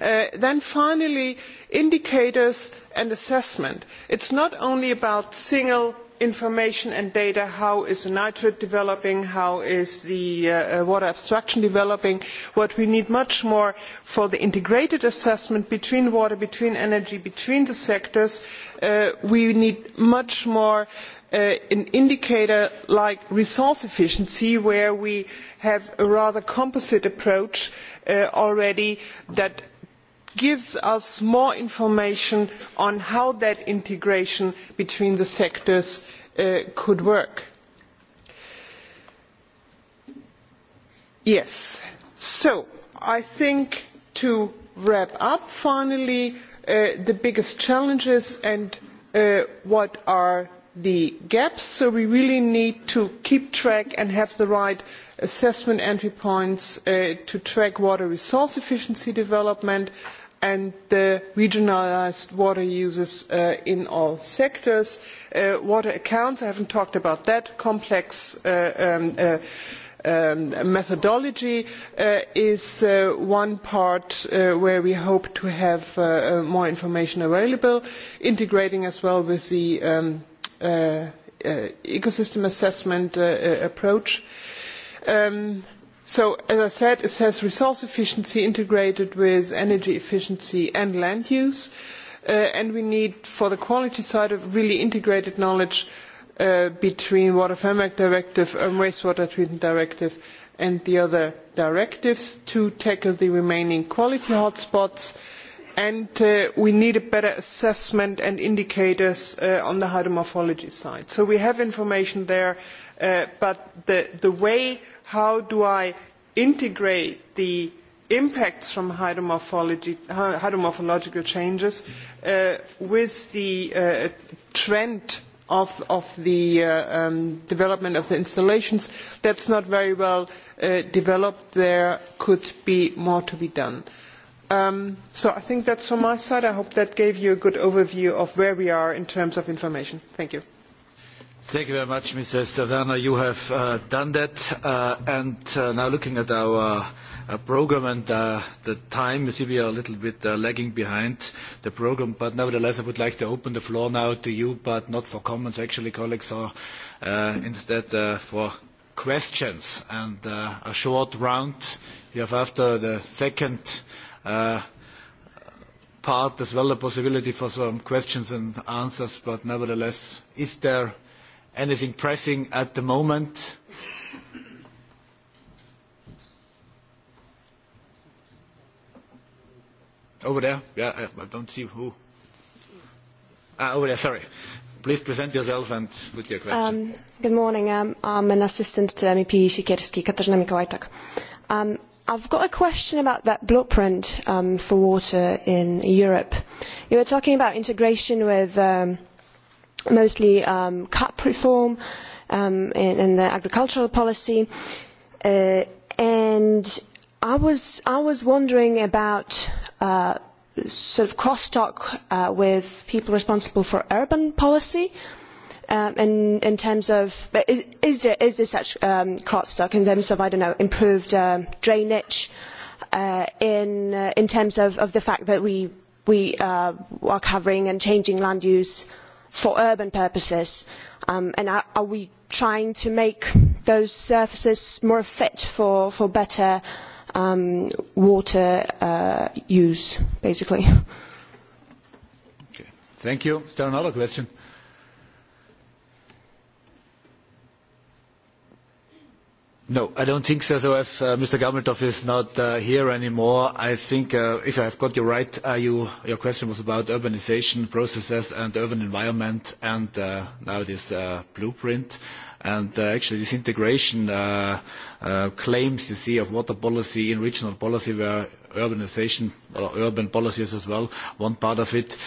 Uh, then finally, indicators and assessment. It's not only about single information and data how is the nitrate developing how is the uh, uh, water abstraction developing what we need much more for the integrated assessment between water between energy between the sectors uh, we need much more uh, an indicator like resource efficiency where we have a rather composite approach uh, Uh, already that gives us more information on how that integration between the sectors uh, could work. Yes, so I think to wrap up finally uh, the biggest challenges and what are the gaps so we really need to keep track and have the right assessment entry points uh, to track water resource efficiency development and the regionalised water uses uh, in all sectors. Uh, water accounts, I haven't talked about that, complex uh, um, uh, um, methodology uh, is uh, one part where we hope to have more information available, integrating as well with the um, Uh, uh, ecosystem assessment uh, approach. Um, so as i said it says resource efficiency integrated with energy efficiency and land use uh, and we need for the quality side of really integrated knowledge uh, between water framework directive and wastewater treatment directive and the other directives to tackle the remaining quality hotspots uh, and uh, we need a better assessment and indicators uh, on the hydromorphology side. So we have information there, uh, but the, way how do I integrate the impacts from hydromorphological changes with the trend of, the um, development of the installations, that's not very well developed. There could be more to be done. Um, so I think that's from my side. I hope that gave you a good overview of where we are in terms of information. Thank you. Thank you very much, Mr. Savana. You have uh, done that. Uh, and uh, now looking at our uh, program and uh, the time, you see we are a little bit uh, lagging behind the program, but nevertheless, I would like to open the floor now to you, but not for comments. Actually, colleagues are instead for questions and a short round. You have after the second Uh, part as well a possibility for some questions and answers, but nevertheless, is there anything pressing at the moment? Over there. Yeah, I don't see who. Ah, over there, sorry. Please present yourself and put your question. Um, good morning. Um, I'm an assistant to MEP Sikorski, Katarzyna Mikołajczak. Um, I've got a question about that blueprint um, for water in Europe. You were talking about integration with um, mostly um, CAP reform um, and, the agricultural policy, uh, and I was I was wondering about. Uh, sort of crosstalk uh, with people responsible for urban policy uh, um, in, in terms of is, there is there such um, crop stock in terms of I don't know improved uh, drainage uh, in uh, in terms of, of the fact that we we uh, are covering and changing land use for urban purposes um, and are, are we trying to make those surfaces more fit for for better um, water uh, use basically. Thank you. Is there another question? No, I don't think so. So as uh, Mr. Gammeltoff is not uh, here anymore, I think, uh, if I've got you right, uh, you, your question was about urbanization processes and urban environment and uh, now this uh, blueprint. And actually this integration claims you see of water policy in regional policy where urbanization or urban policies as well, one part of it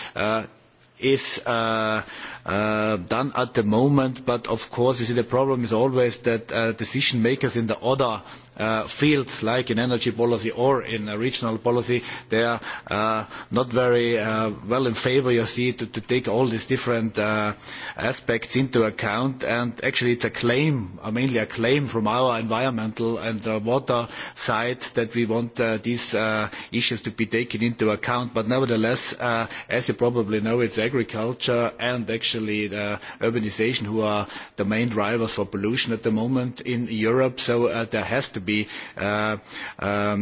is uh, uh, done at the moment, but of course, you see, the problem is always that uh, decision makers in the other uh, fields like in energy policy or in regional policy, they are uh, not very uh, well in favor, you see, to, to take all these different uh, aspects into account. And actually it's a claim, uh, mainly a claim from our environmental and water side that we want uh, these issues to be taken into account. But nevertheless, as you probably know, it's agriculture and actually the urbanization who are the main drivers for pollution at the moment in Europe. So there has to be be um,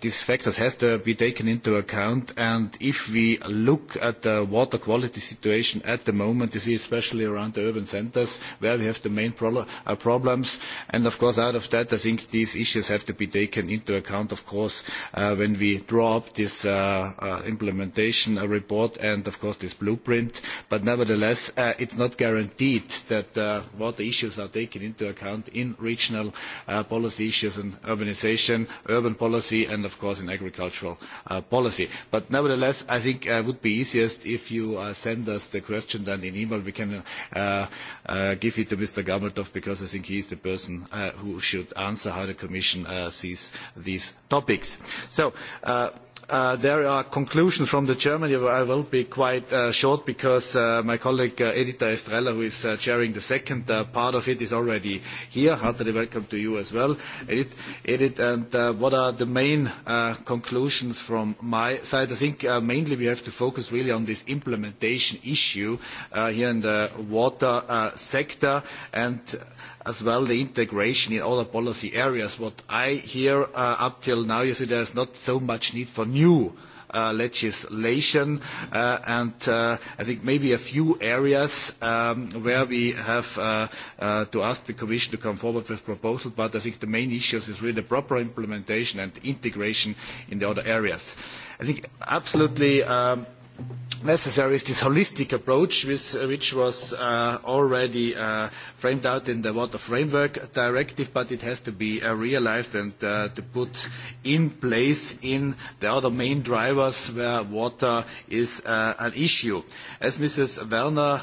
these factors have to be taken into account. And if we look at the water quality situation at the moment, you see especially around the urban centers where we have the main pro uh, problems. And of course, out of that, I think these issues have to be taken into account, of course, uh, when we draw up this uh, uh implementation uh, report and, of course, this blueprint. But nevertheless, uh, it's not guaranteed that water issues are taken into account in regional policy issues and urbanization, urban policy, and of course in agricultural uh, policy. But nevertheless, I think it uh, would be easiest if you uh, send us the question then in email. We can give it to Mr. Gamertov because I think he is the person who should answer how the Commission sees these topics. So. Uh, there are conclusions from the Germany. I will be quite uh, short because uh, my colleague uh, Edita Estrella, who is uh, chairing the second uh, part of it, is already here. Heartily welcome to you as well, Edith. Edith and what are the main conclusions from my side? I think mainly we have to focus really on this implementation issue here in the water sector. And as well the integration in other policy areas. What I hear uh, up till now is that there is not so much need for new Uh, legislation uh, and uh, I think maybe a few areas um, where we have uh, uh, to ask the Commission to come forward with proposals, but I think the main issues is really the proper implementation and integration in the other areas. I think absolutely um, necessary is this holistic approach with, which was uh, already uh, framed out in the Water Framework Directive, but it has to be uh, realized and uh, to put in place in the other main drivers where water is uh, an issue. As Mrs. Werner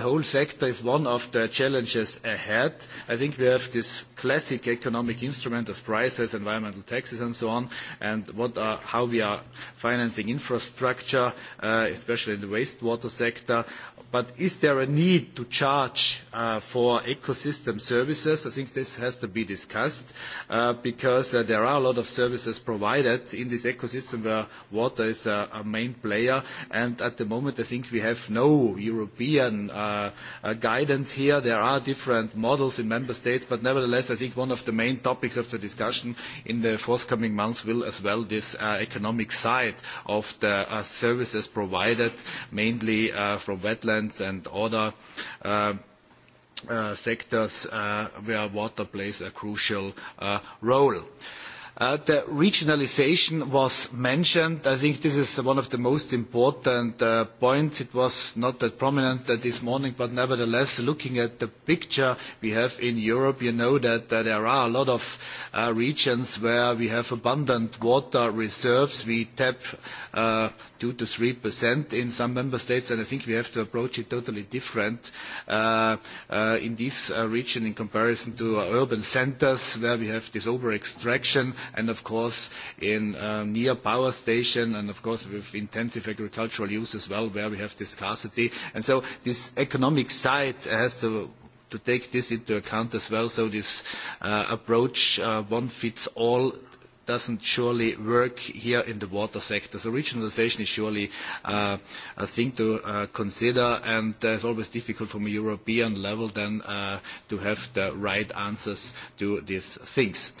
the whole sector is one of the challenges ahead. I think we have this classic economic instrument as prices, environmental taxes, and so on, and what are, how we are financing infrastructure, uh, especially in the wastewater sector, But is there a need to charge uh, for ecosystem services? I think this has to be discussed uh, because uh, there are a lot of services provided in this ecosystem where water is a, a main player. And at the moment, I think we have no European guidance here. There are different models in member states, but nevertheless, I think one of the main topics of the discussion in the forthcoming months will as well this economic side of the services provided, mainly from wetlands developments and other uh, uh, sectors uh, where water plays a crucial role. Uh, the regionalization was mentioned. I think this is one of the most important uh, points. It was not that prominent uh, this morning, but nevertheless, looking at the picture we have in Europe, you know that there are a lot of regions where we have abundant water reserves. We tap 2 3 in some member states, and I think we have to approach it totally different uh, uh, in this uh, region in comparison to urban centers where we have this over-extraction and, of course, in um, near power station and, of course, with intensive agricultural use as well where we have this scarcity. And so this economic side has to to take this into account as well, so this approach one fits all doesn't surely work here in the water sector. So regionalization is surely uh, a thing to uh, consider, and uh, it's always difficult from a European level then uh, to have the right answers to these things. Uh,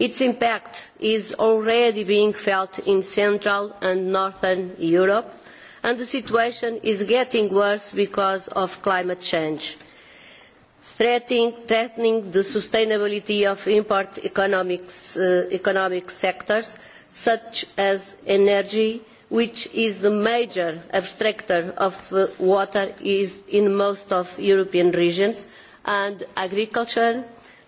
Its impact is already being felt in Central and Northern Europe, and the situation is getting worse because of climate change, threatening, the sustainability of import economics, uh, economic sectors such as energy, which is the major abstractor of uh, water is in most of European regions, and agriculture,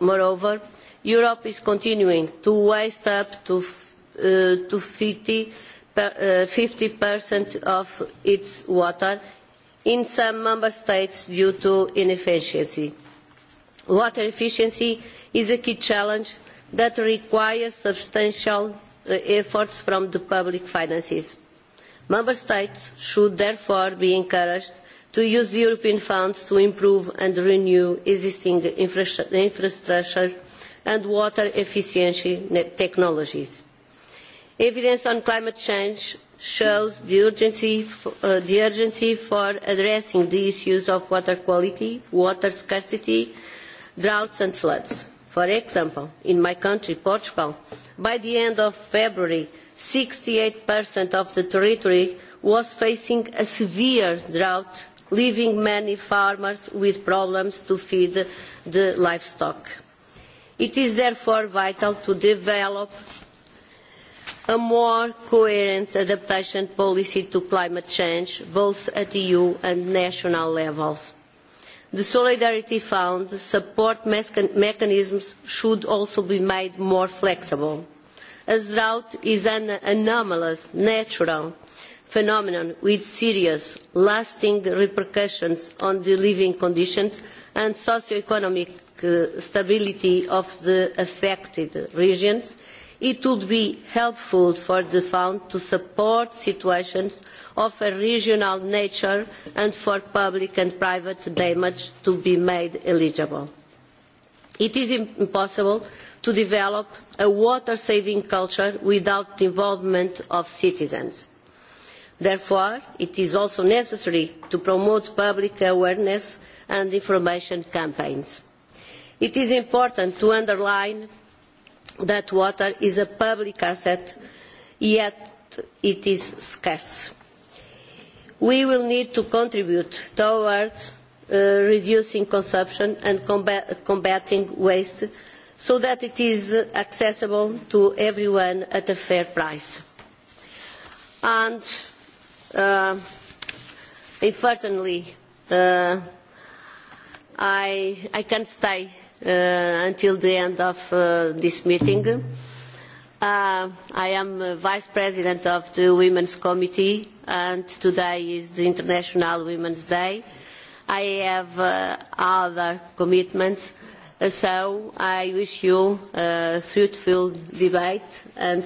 Moreover, Europe is continuing to waste up to, uh, fifty 50% uh, of its water in some member states due to inefficiency. Water efficiency is a key challenge that requires substantial uh, efforts from the public finances. Member states should therefore be encouraged to use the European funds to improve and renew existing infrastructure and water efficiency technologies. Evidence on climate change shows the urgency, uh, the urgency for addressing the issues of water quality, water scarcity, droughts and floods. For example, in my country, Portugal, by the end of February, 68% of the territory was facing a severe drought leaving many farmers with problems to feed the livestock. It is therefore vital to develop a more coherent adaptation policy to climate change, both at EU and national levels. The Solidarity Fund support mechanisms should also be made more flexible. As drought is an anomalous, natural, phenomenon with serious, lasting repercussions on the living conditions and socio-economic uh, stability of the affected regions, it would be helpful for the fund to support situations of a regional nature and for public and private damage to be made eligible. It is impossible to develop a water-saving culture without the involvement of citizens Therefore, it is also necessary to promote public awareness and information campaigns. It is important to underline that water is a public asset, yet it is scarce. We will need to contribute towards uh, reducing consumption and combat combating waste so that it is accessible to everyone at a fair price. And Uh, unfortunately, uh, I, I can't stay uh, until the end of uh, this meeting. Uh, I am Vice President of the Women's Committee and today is the International Women's Day. I have uh, other commitments, uh, so I wish you a fruitful debate and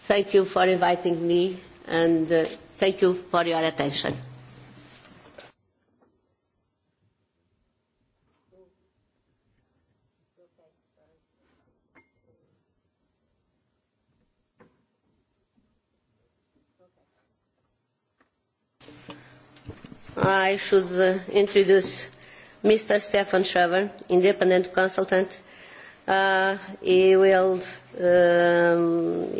thank you for inviting me and uh, thank you for your attention. I should uh, introduce Mr. Stefan Schrever, independent consultant. Uh, he will um,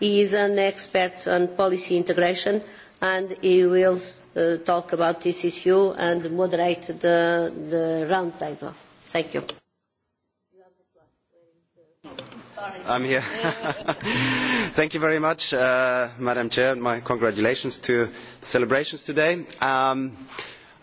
He is an expert on policy integration and he will uh, talk about this issue and moderate the, the table. Thank you. I'm here. (laughs) Thank you very much, uh, Madam Chair. My congratulations to the celebrations today. Um,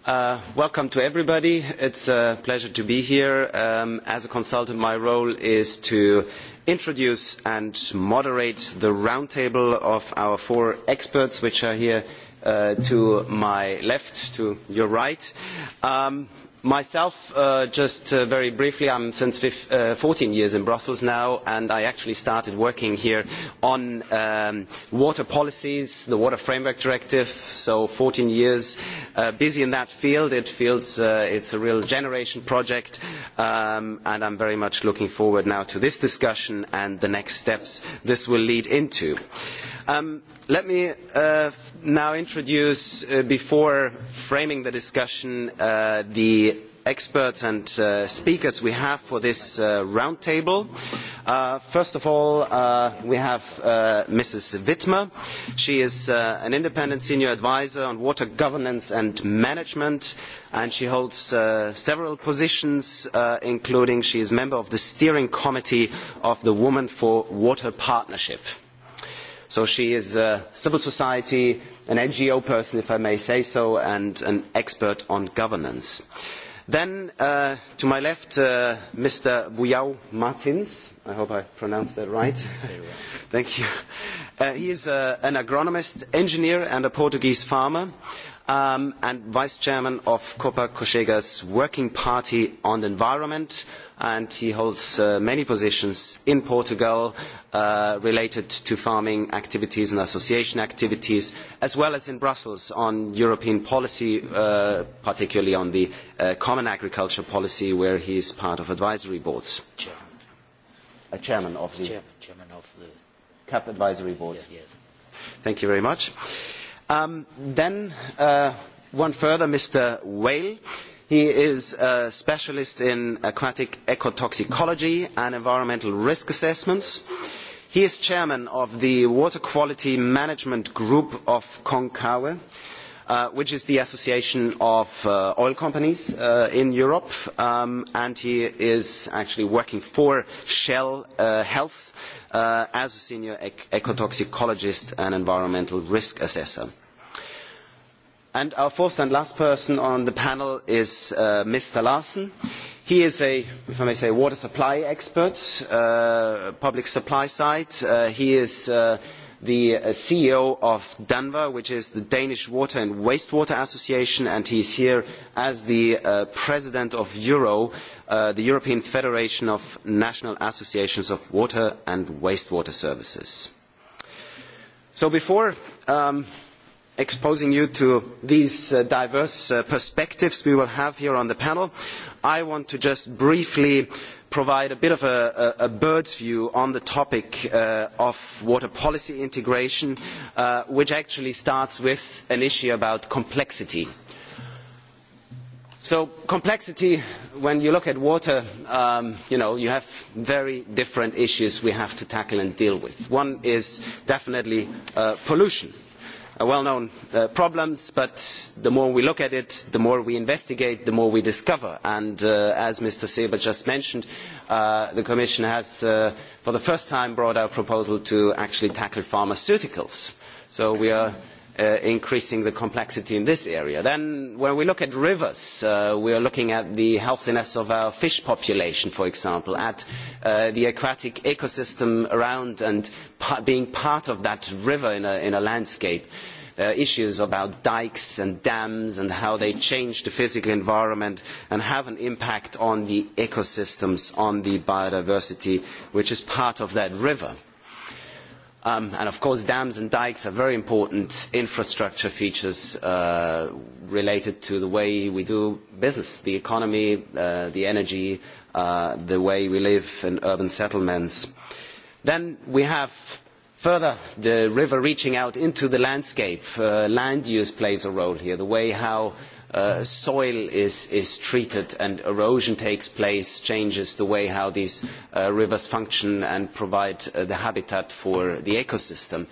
Uh, welcome to everybody. It's a pleasure to be here. Um, as a consultant, my role is to introduce and moderate the roundtable of our four experts, which are here uh, to my left, to your right. Um, Myself, uh, just uh, very briefly, I'm since 15, uh, 14 years in Brussels now, and I actually started working here on um, water policies, the Water Framework Directive, so 14 years uh, busy in that field. It feels uh, it's a real generation project, um, and I'm very much looking forward now to this discussion and the next steps this will lead into. Um, let me uh, now introduce, uh, before framing the discussion, uh, the experts and uh, speakers we have for this uh, roundtable. Uh, first of all, uh, we have uh, Mrs. Wittmer. She is uh, an independent senior advisor on water governance and management, and she holds several positions, including she is member of the steering committee of the Women for Water Partnership. So she is a civil society, an NGO person, if I may say so, and an expert on governance. Then, uh, to my left, uh, Mr. Buyao Martins. I hope I pronounced that right. (laughs) Thank you. Uh, he is uh, an agronomist, engineer, and a Portuguese farmer. Uh, um, and vice chairman of Copa Cochega's working party on the environment, and he holds uh, many positions in Portugal uh, related to farming activities and association activities, as well as in Brussels on European policy, uh, particularly on the uh, common agriculture policy, where he is part of advisory boards. Chairman, chairman of the chairman, chairman of the CAP advisory board. yes. Thank you very much. Um, then uh, one further, Mr. Whale. He is a specialist in aquatic ecotoxicology and environmental risk assessments. He is chairman of the Water Quality Management Group of Konkawa. Uh, which is the Association of uh, Oil Companies uh, in Europe, um, and he is actually working for Shell uh, Health uh, as a senior ec ecotoxicologist and environmental risk assessor. And our fourth and last person on the panel is Mr. Larsen. He is a, if I may say, water supply expert, public supply side. he is the uh, CEO of DANVA, which is the Danish Water and Wastewater Association, and he's here as the uh, president of Euro, uh, the European Federation of National Associations of Water and Wastewater Services. So before um, exposing you to these uh, diverse uh, perspectives we will have here on the panel, I want to just briefly provide a bit of a, a, bird's view on the topic uh, of water policy integration, uh, which actually starts with an issue about complexity. So complexity, when you look at water, um, you know, you have very different issues we have to tackle and deal with. One is definitely uh, pollution. Uh, well-known uh, problems, but the more we look at it, the more we investigate, the more we discover. And uh, as Mr. Seber just mentioned, uh, the Commission has, uh, for the first time, brought out a proposal to actually tackle pharmaceuticals. So we are Uh, increasing the complexity in this area. Then when we look at rivers, uh, we are looking at the healthiness of our fish population, for example, at uh, the aquatic ecosystem around and pa being part of that river in a, in a landscape. Uh, issues about dikes and dams and how they change the physical environment and have an impact on the ecosystems, on the biodiversity, which is part of that river. Um, and of course, dams and dikes are very important infrastructure features uh, related to the way we do business, the economy, uh, the energy, uh, the way we live in urban settlements. Then we have further the river reaching out into the landscape. Uh, land use plays a role here, the way how Uh, soil is, is, treated and erosion takes place, changes the way how these uh, rivers function and provide uh, the habitat for the ecosystem.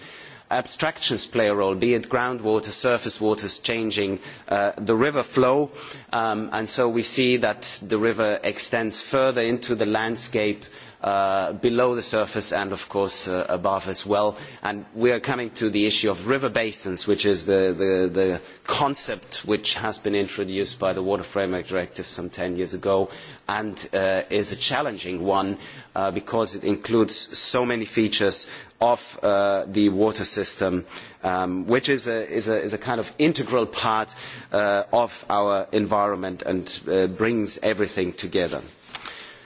Abstractions play a role, be it groundwater, surface waters changing uh, the river flow, um, and so we see that the river extends further into the landscape uh, Uh, below the surface and of course uh, above as well. And we are coming to the issue of river basins, which is the, the, the concept which has been introduced by the Water Framework Directive some 10 years ago and uh, is a challenging one uh, because it includes so many features of uh, the water system, um, which is a, is, a, is a, kind of integral part uh, of our environment and uh, brings everything together.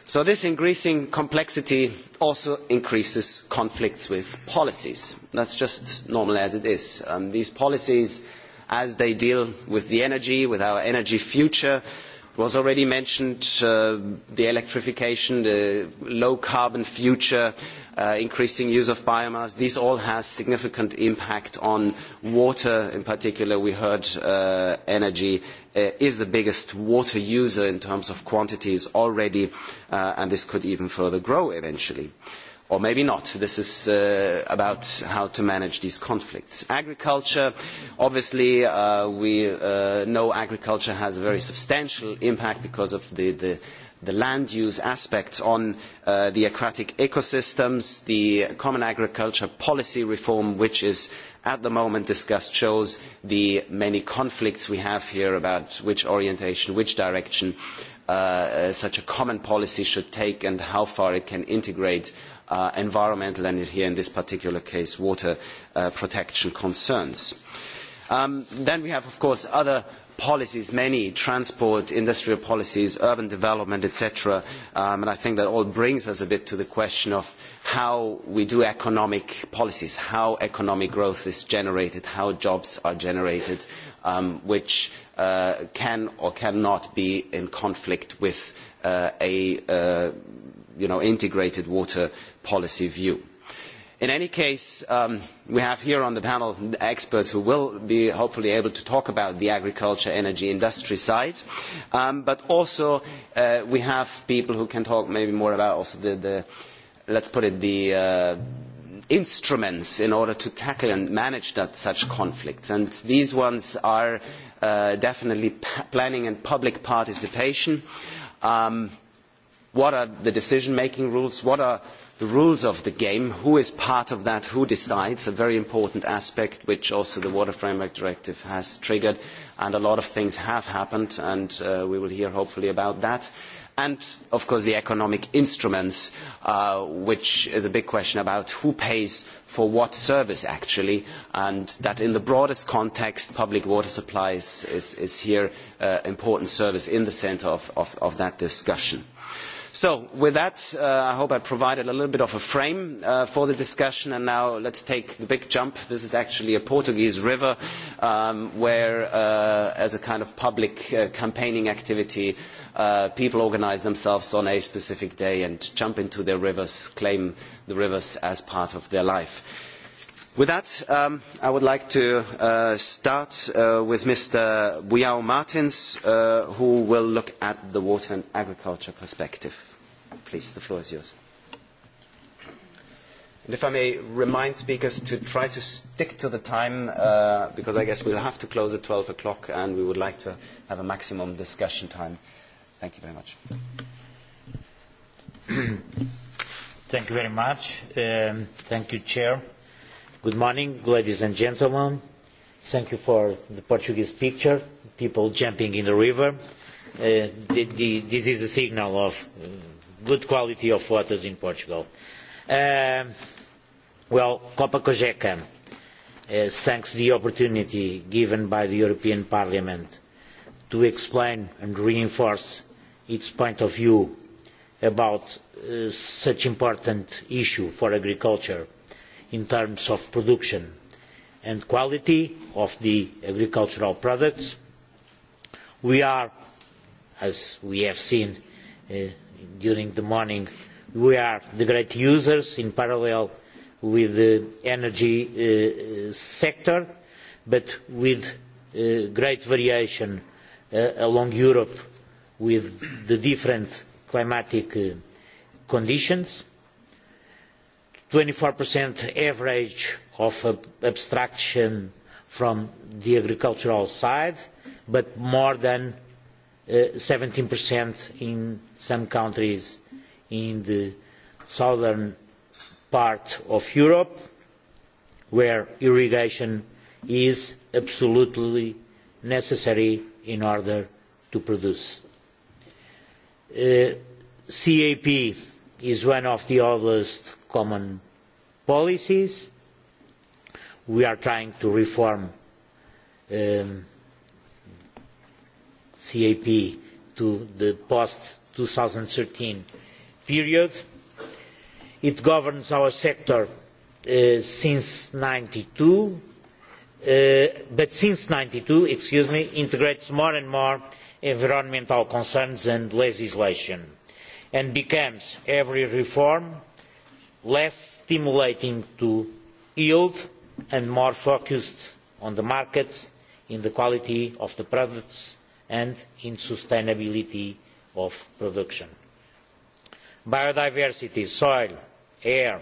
So this increasing complexity also increases conflicts with policies. That's just normal as it is. Um, these policies, as they deal with the energy, with our energy future, was already mentioned uh, the electrification, the low carbon future, uh, increasing use of biomass. This all has significant impact on water in particular. We heard uh, energy uh, is the biggest water user in terms of quantities already, uh, and this could even further grow eventually. Or maybe not. This is uh, about how to manage these conflicts. Agriculture, obviously, uh, we uh, know agriculture has a very substantial impact because of the, the the land use aspects on uh, the aquatic ecosystems. The common agriculture policy reform, which is at the moment discussed, shows the many conflicts we have here about which orientation, which direction uh, uh such a common policy should take and how far it can integrate uh, environmental and here in this particular case water uh, protection concerns. Um, then we have, of course, other policies, many transport, industrial policies, urban development, etc. Um, and I think that all brings us a bit to the question of how we do economic policies, how economic growth is generated, how jobs are generated, um, which uh, can or cannot be in conflict with uh, a uh, you know, integrated water policy view in any case um, we have here on the panel experts who will be hopefully able to talk about the agriculture energy industry side um, but also uh, we have people who can talk maybe more about also the, the let's put it the uh, instruments in order to tackle and manage that, such conflicts and these ones are uh, definitely planning and public participation um, what are the decision making rules what are the rules of the game, who is part of that, who decides, a very important aspect which also the Water Framework Directive has triggered, and a lot of things have happened, and uh, we will hear hopefully about that. And, of course, the economic instruments, uh, which is a big question about who pays for what service, actually, and that in the broadest context, public water supplies is, is here an uh, important service in the centre of, of, of that discussion. So with that, uh, I hope I provided a little bit of a frame uh, for the discussion, and now let's take the big jump. This is actually a Portuguese river um, where, uh, as a kind of public uh, campaigning activity, uh, people organize themselves on a specific day and jump into their rivers, claim the rivers as part of their life. With that, um, I would like to uh, start uh, with Mr. Bujao Martins, uh, who will look at the water and agriculture perspective. Please, the floor is yours. And if I may remind speakers to try to stick to the time, uh, because I guess we'll have to close at 12 o'clock, and we would like to have a maximum discussion time. Thank you very much. (clears throat) Thank you very much. Um, thank you, Chair. Good morning, ladies and gentlemen. Thank you for the Portuguese picture, people jumping in the river. Uh, the, the, this is a signal of uh, good quality of waters in Portugal. Uh, well, Copa Cogeca, uh, thanks to the opportunity given by the European Parliament to explain and reinforce its point of view about uh, such important issue for agriculture in terms of production and quality of the agricultural products. We are, as we have seen uh, during the morning, we are the great users in parallel with the energy uh, sector, but with uh, great variation uh, along Europe with the different climatic uh, conditions 24% average of abstraction from the agricultural side, but more than uh, in some countries in the southern part of Europe, where irrigation is absolutely necessary in order to produce. Uh, CAP is one of the oldest common policies. We are trying to reform um, CAP to the post-2013 period. It governs our sector uh, since 92, uh, but since 92, excuse me, integrates more and more environmental concerns and legislation and becomes every reform less stimulating to yield and more focused on the markets in the quality of the products and in sustainability of production. Biodiversity, soil, air,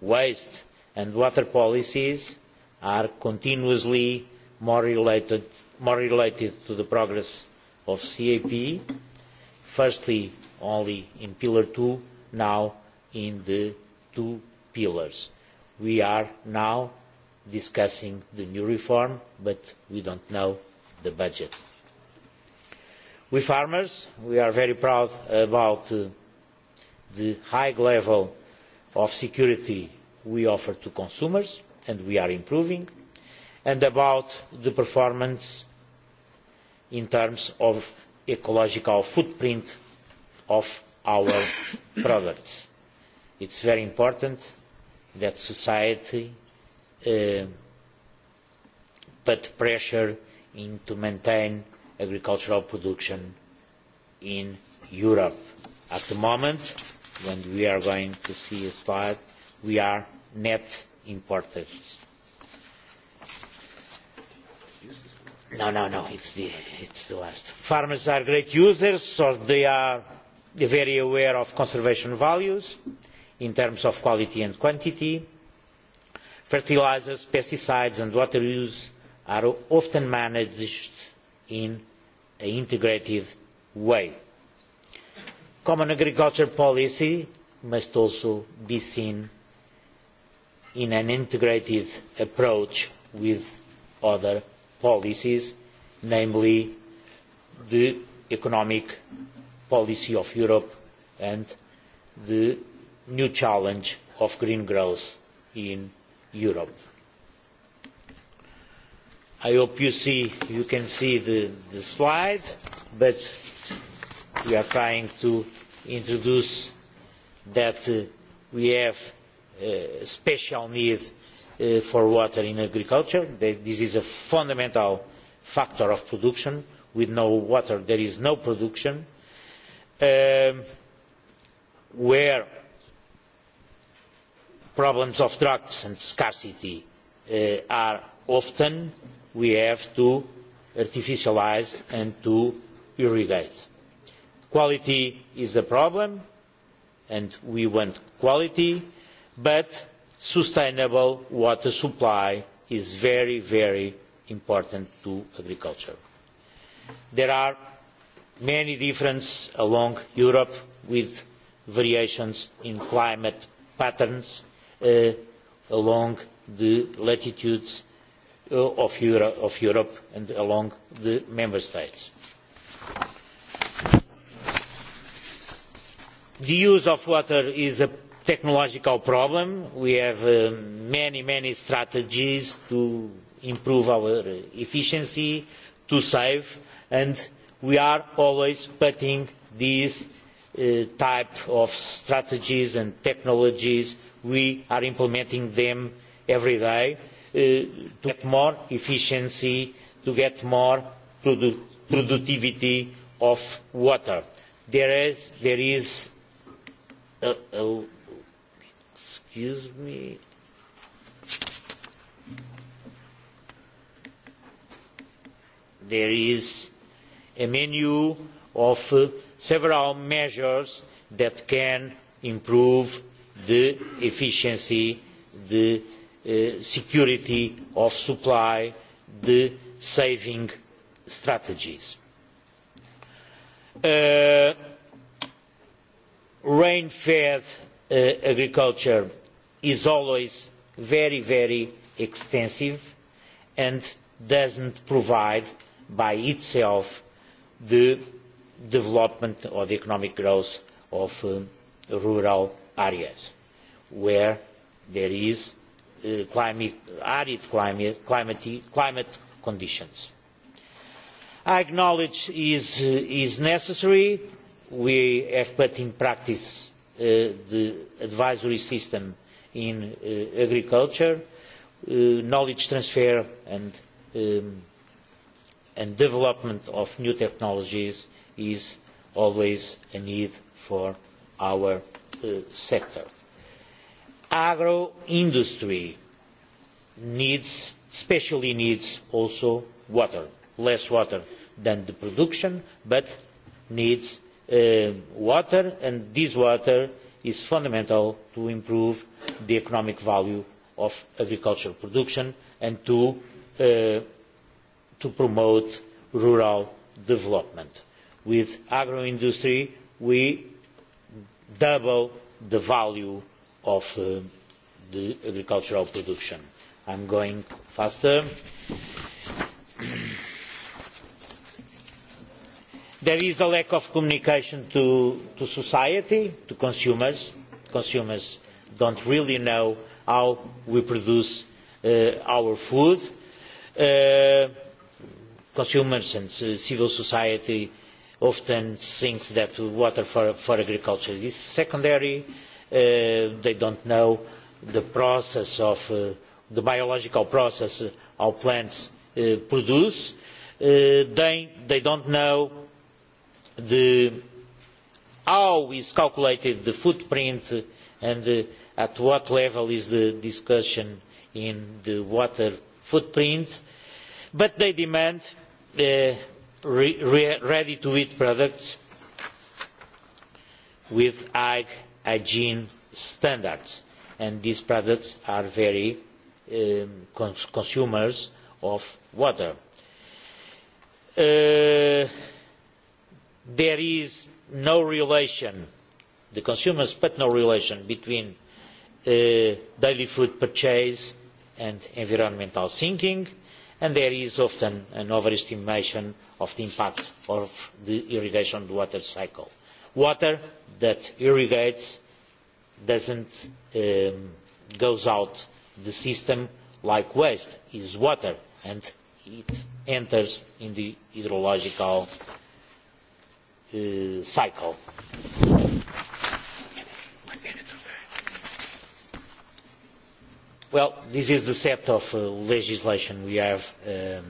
waste and water policies are continuously more related, more related to the progress of CAP, firstly only in Pillar 2, now in the two pillars. We are now discussing the new reform, but we don't know the budget. We farmers, we are very proud about uh, the high level of security we offer to consumers, and we are improving, and about the performance in terms of ecological footprint of our (coughs) products it is very important that society uh, put pressure in to maintain agricultural production in Europe. At the moment, when we are going to see a slide, we are net importers. No, no, no, it's the, it's the last. Farmers are great users, so they are very aware of conservation values. Uh, in terms of quality and quantity. Fertilisers, pesticides and water use are often managed in an integrated way. Common agriculture policy must also be seen in an integrated approach with other policies, namely the economic policy of Europe and the new challenge of green growth in Europe. I hope you see you can see the, the slide, but we are trying to introduce that uh, we have uh, special need uh, for water in agriculture. That this is a fundamental factor of production. With no water, there is no production. Um, where problems of drugs and scarcity uh, are often we have to artificialise and to irrigate. Quality is a problem and we want quality, but sustainable water supply is very, very important to agriculture. There are many differences along Europe with variations in climate patterns uh, along the latitudes uh, of, Euro of Europe and along the member states. The use of water is a technological problem. We have uh, many, many strategies to improve our efficiency, to save, and we are always putting these uh, type of strategies and technologies we are implementing them every day uh, to get more efficiency, to get more produ productivity of water. There is, there is a, uh, a, uh, excuse me, there is a menu of uh, several measures that can improve the efficiency, the uh, eh, security of supply, the saving strategies. Uh, rain-fed uh, agriculture is always very, very extensive and doesn't provide by itself the development or the economic growth of uh, rural areas where there is uh, climate, arid climate, climate, climate conditions. I acknowledge is, uh, is necessary. We have put in practice uh, the advisory system in uh, agriculture, uh, knowledge transfer and, um, and development of new technologies is always a need for our sector. Agro industry needs, especially needs also water, less water than the production, but needs uh, water, and this water is fundamental to improve the economic value of agricultural production and to, uh, to promote rural development. With agro-industry, we double the value of uh, the agricultural production. I'm going faster. (clears throat) there is a lack of communication to, to society, to consumers. Consumers don't really know how we produce uh, our food. Uh, consumers and uh, civil society often thinks that water for, for agriculture is secondary. Uh, they don't know the process of uh, the biological process our plants uh, produce. they, they don't know the, how is calculated the footprint and at what level is the discussion in the water footprint, but they demand uh, ready to eat products with high hygiene standards and these products are very um, cons consumers of water. Uh, there is no relation, the consumers, but no relation between uh, daily food purchase and environmental thinking, and there is often an overestimation of the impact of the irrigation water cycle. Water that irrigates doesn't um, goes out the system like waste is water and it enters in the hydrological uh, cycle. Well, this is the set of uh, legislation we have um,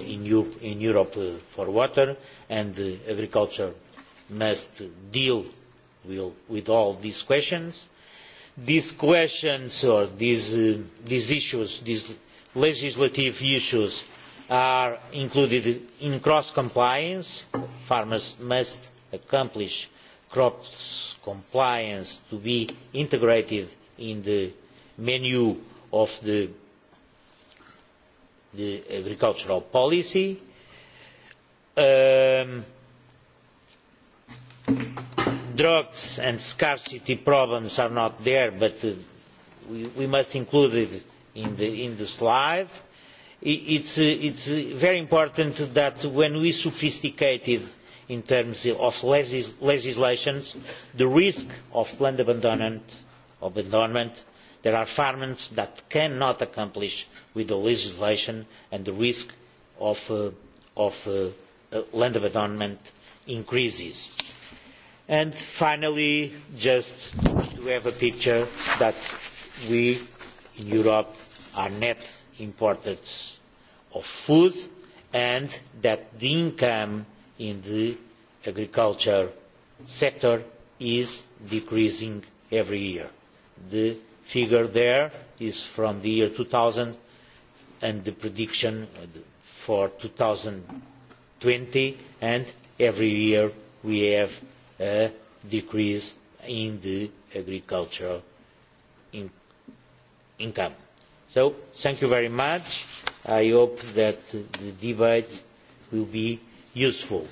in Europe, in Europe uh, for water, and uh, agriculture must deal with all these questions. These questions or these, uh, these issues, these legislative issues, are included in cross compliance. Farmers must accomplish crops compliance to be integrated in the menu of the the agricultural policy. Um, drugs and scarcity problems are not there, but uh, we, we must include it in the, in the slide. It's, uh, it's uh, very important that when we sophisticated in terms of legis legislations, the risk of land abandonment, abandonment There are farmers that cannot accomplish with the legislation and the risk of, uh, of uh, uh, land abandonment increases. And finally, just to have a picture that we in Europe are net importers of food and that the income in the agriculture sector is decreasing every year. The figure there is from the year 2000 and the prediction for 2020 and every year we have a decrease in the agricultural in income. So thank you very much. I hope that the debate will be useful.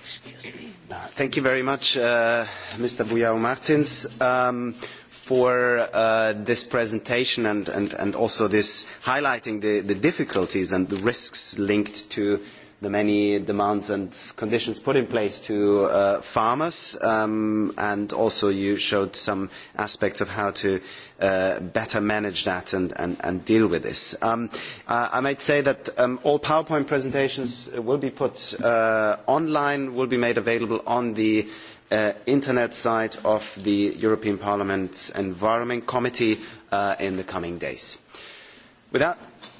Excuse me. Thank you very much, uh, Mr. Buyao Martins, um, for uh, this presentation and, and, and also this highlighting the, the difficulties and the risks linked to uh, the many demands and conditions put in place to uh, farmers um, and also you showed some aspects of how to uh, better manage that and, and, and deal with this. Um, uh, I might say that um, all PowerPoint presentations will be put uh, online, will be made available on the uh, internet site of the European Parliament's Environment Committee uh, in the coming days. With that,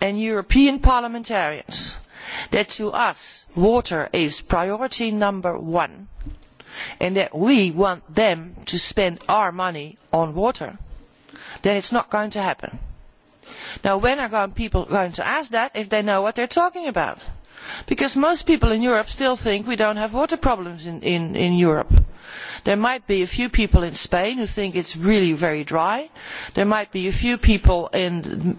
and european parliamentarians that to us water is priority number one and that we want them to spend our money on water then it is not going to happen. Now, when are people going to ask that if they know what they are talking about? Because most people in Europe still think we do not have water problems in, in, in Europe. There might be a few people in Spain who think it is really very dry. There might be a few people in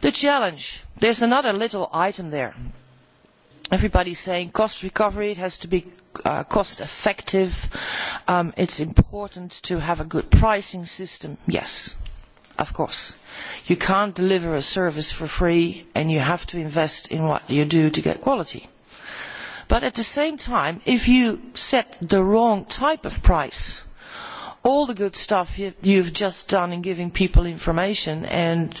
The challenge. There's another little item there. Everybody's saying cost recovery, it has to be uh, cost effective. it um, it's important to have a good pricing system. Yes, of course. You can't deliver a service for free and you have to invest in what you do to get quality. But at the same time, if you set the wrong type of price, all the good stuff you, you've just done in giving people information and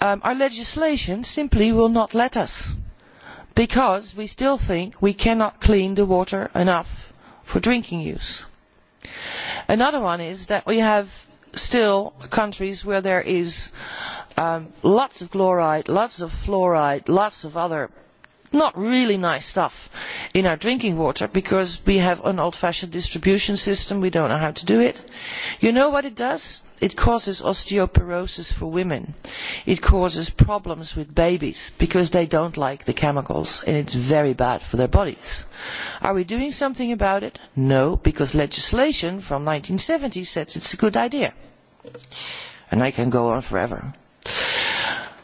um, our legislation simply will not let us because we still think we cannot clean the water enough for drinking use. Another one is that we have still countries where there is um, lots of chloride, lots of fluoride, lots of other not really nice stuff in our drinking water because we have an old fashioned distribution system we don't know how to do it you know what it does it causes osteoporosis for women it causes problems with babies because they don't like the chemicals and it's very bad for their bodies are we doing something about it no because legislation from 1970 says it's a good idea and i can go on forever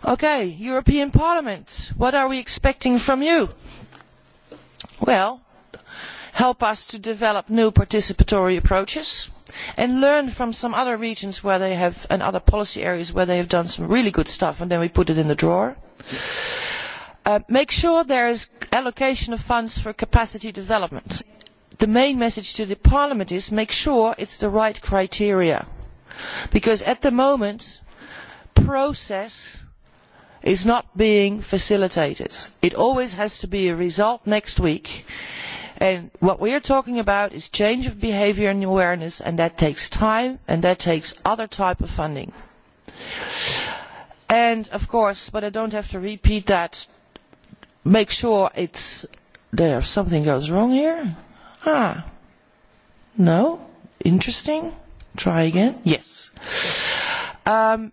okay european parliament what are we expecting from you? well help us to develop new participatory approaches and learn from some other regions and other policy areas where they have done some really good stuff and then we put it in the drawer. Uh, make sure there is allocation of funds for capacity development. The main message to the Parliament is make sure it is the right criteria. Because at the moment, process is not being facilitated. It always has to be a result next week. And what we are talking about is change of behaviour and awareness, and that takes time, and that takes other type of funding. And of course, but I don't have to repeat that. Make sure it's there. Something goes wrong here. Ah, no, interesting. Try again. Yes. Um,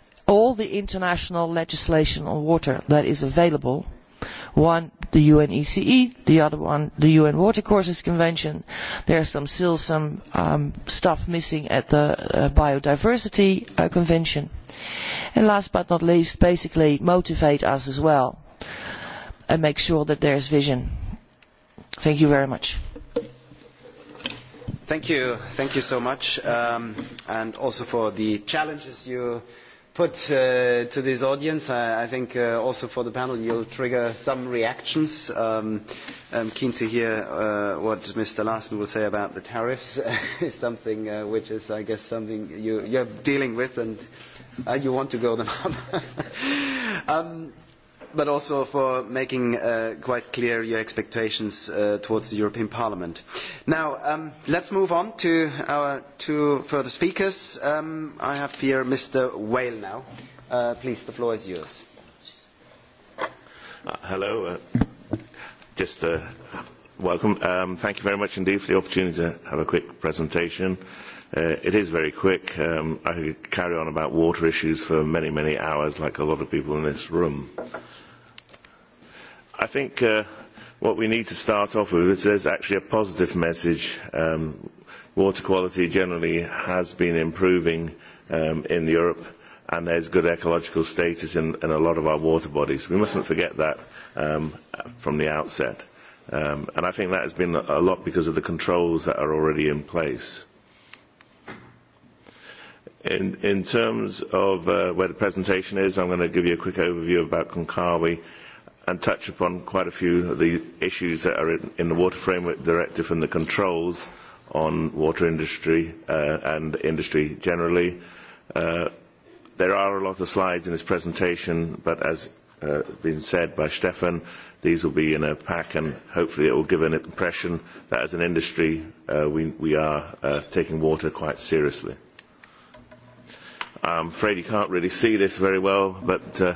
all the international legislation on water that is available one the UNECE, e, the other one the UN Water Courses Convention. There's some, still some um, stuff missing at the uh, Biodiversity uh, Convention. And last but not least, basically motivate us as well and make sure that there's vision. Thank you very much. Thank you. Thank you so much. Um, and also for the challenges you put uh, to this audience. I, I think uh, also for the panel you'll trigger some reactions. Um, I'm keen to hear uh, what Mr. Larsen will say about the tariffs. It's (laughs) something uh, which is, I guess, something you, you're dealing with and uh, you want to go them up. (laughs) um, but also for making uh, quite clear your expectations uh, towards the European Parliament. Now, um, let's move on to our two further speakers. Um, I have here Mr. Whale now. Uh, please, the floor is yours. Uh, hello. Uh, just uh, welcome. Um, thank you very much indeed for the opportunity to have a quick presentation. Uh, it is very quick. Um, I could carry on about water issues for many, many hours, like a lot of people in this room. I think uh, what we need to start off with is there's actually a positive message. Um, water quality generally has been improving um, in Europe and there's good ecological status in, in a lot of our water bodies. We mustn't forget that um, from the outset. Um, and I think that has been a lot because of the controls that are already in place. In, in terms of uh, where the presentation is, I'm going to give you a quick overview about Konkawi and touch upon quite a few of the issues that are in, in the Water Framework Directive and the controls on water industry uh, and industry generally. Uh, there are a lot of slides in this presentation, but as uh, been said by Stefan, these will be in a pack and hopefully it will give an impression that as an industry uh, we, we are uh, taking water quite seriously. I'm um, afraid you can't really see this very well, but uh,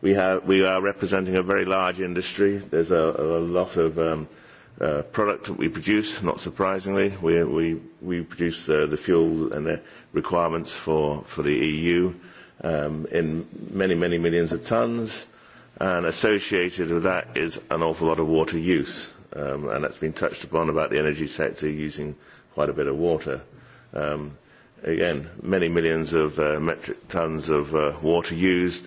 We, have, we are representing a very large industry. There's a, a lot of um, uh, product that we produce, not surprisingly. We, we, we produce uh, the fuel and the requirements for, for the EU um, in many, many millions of tons. And associated with that is an awful lot of water use. Um, and that's been touched upon about the energy sector using quite a bit of water. Um, again, many millions of uh, metric tons of uh, water used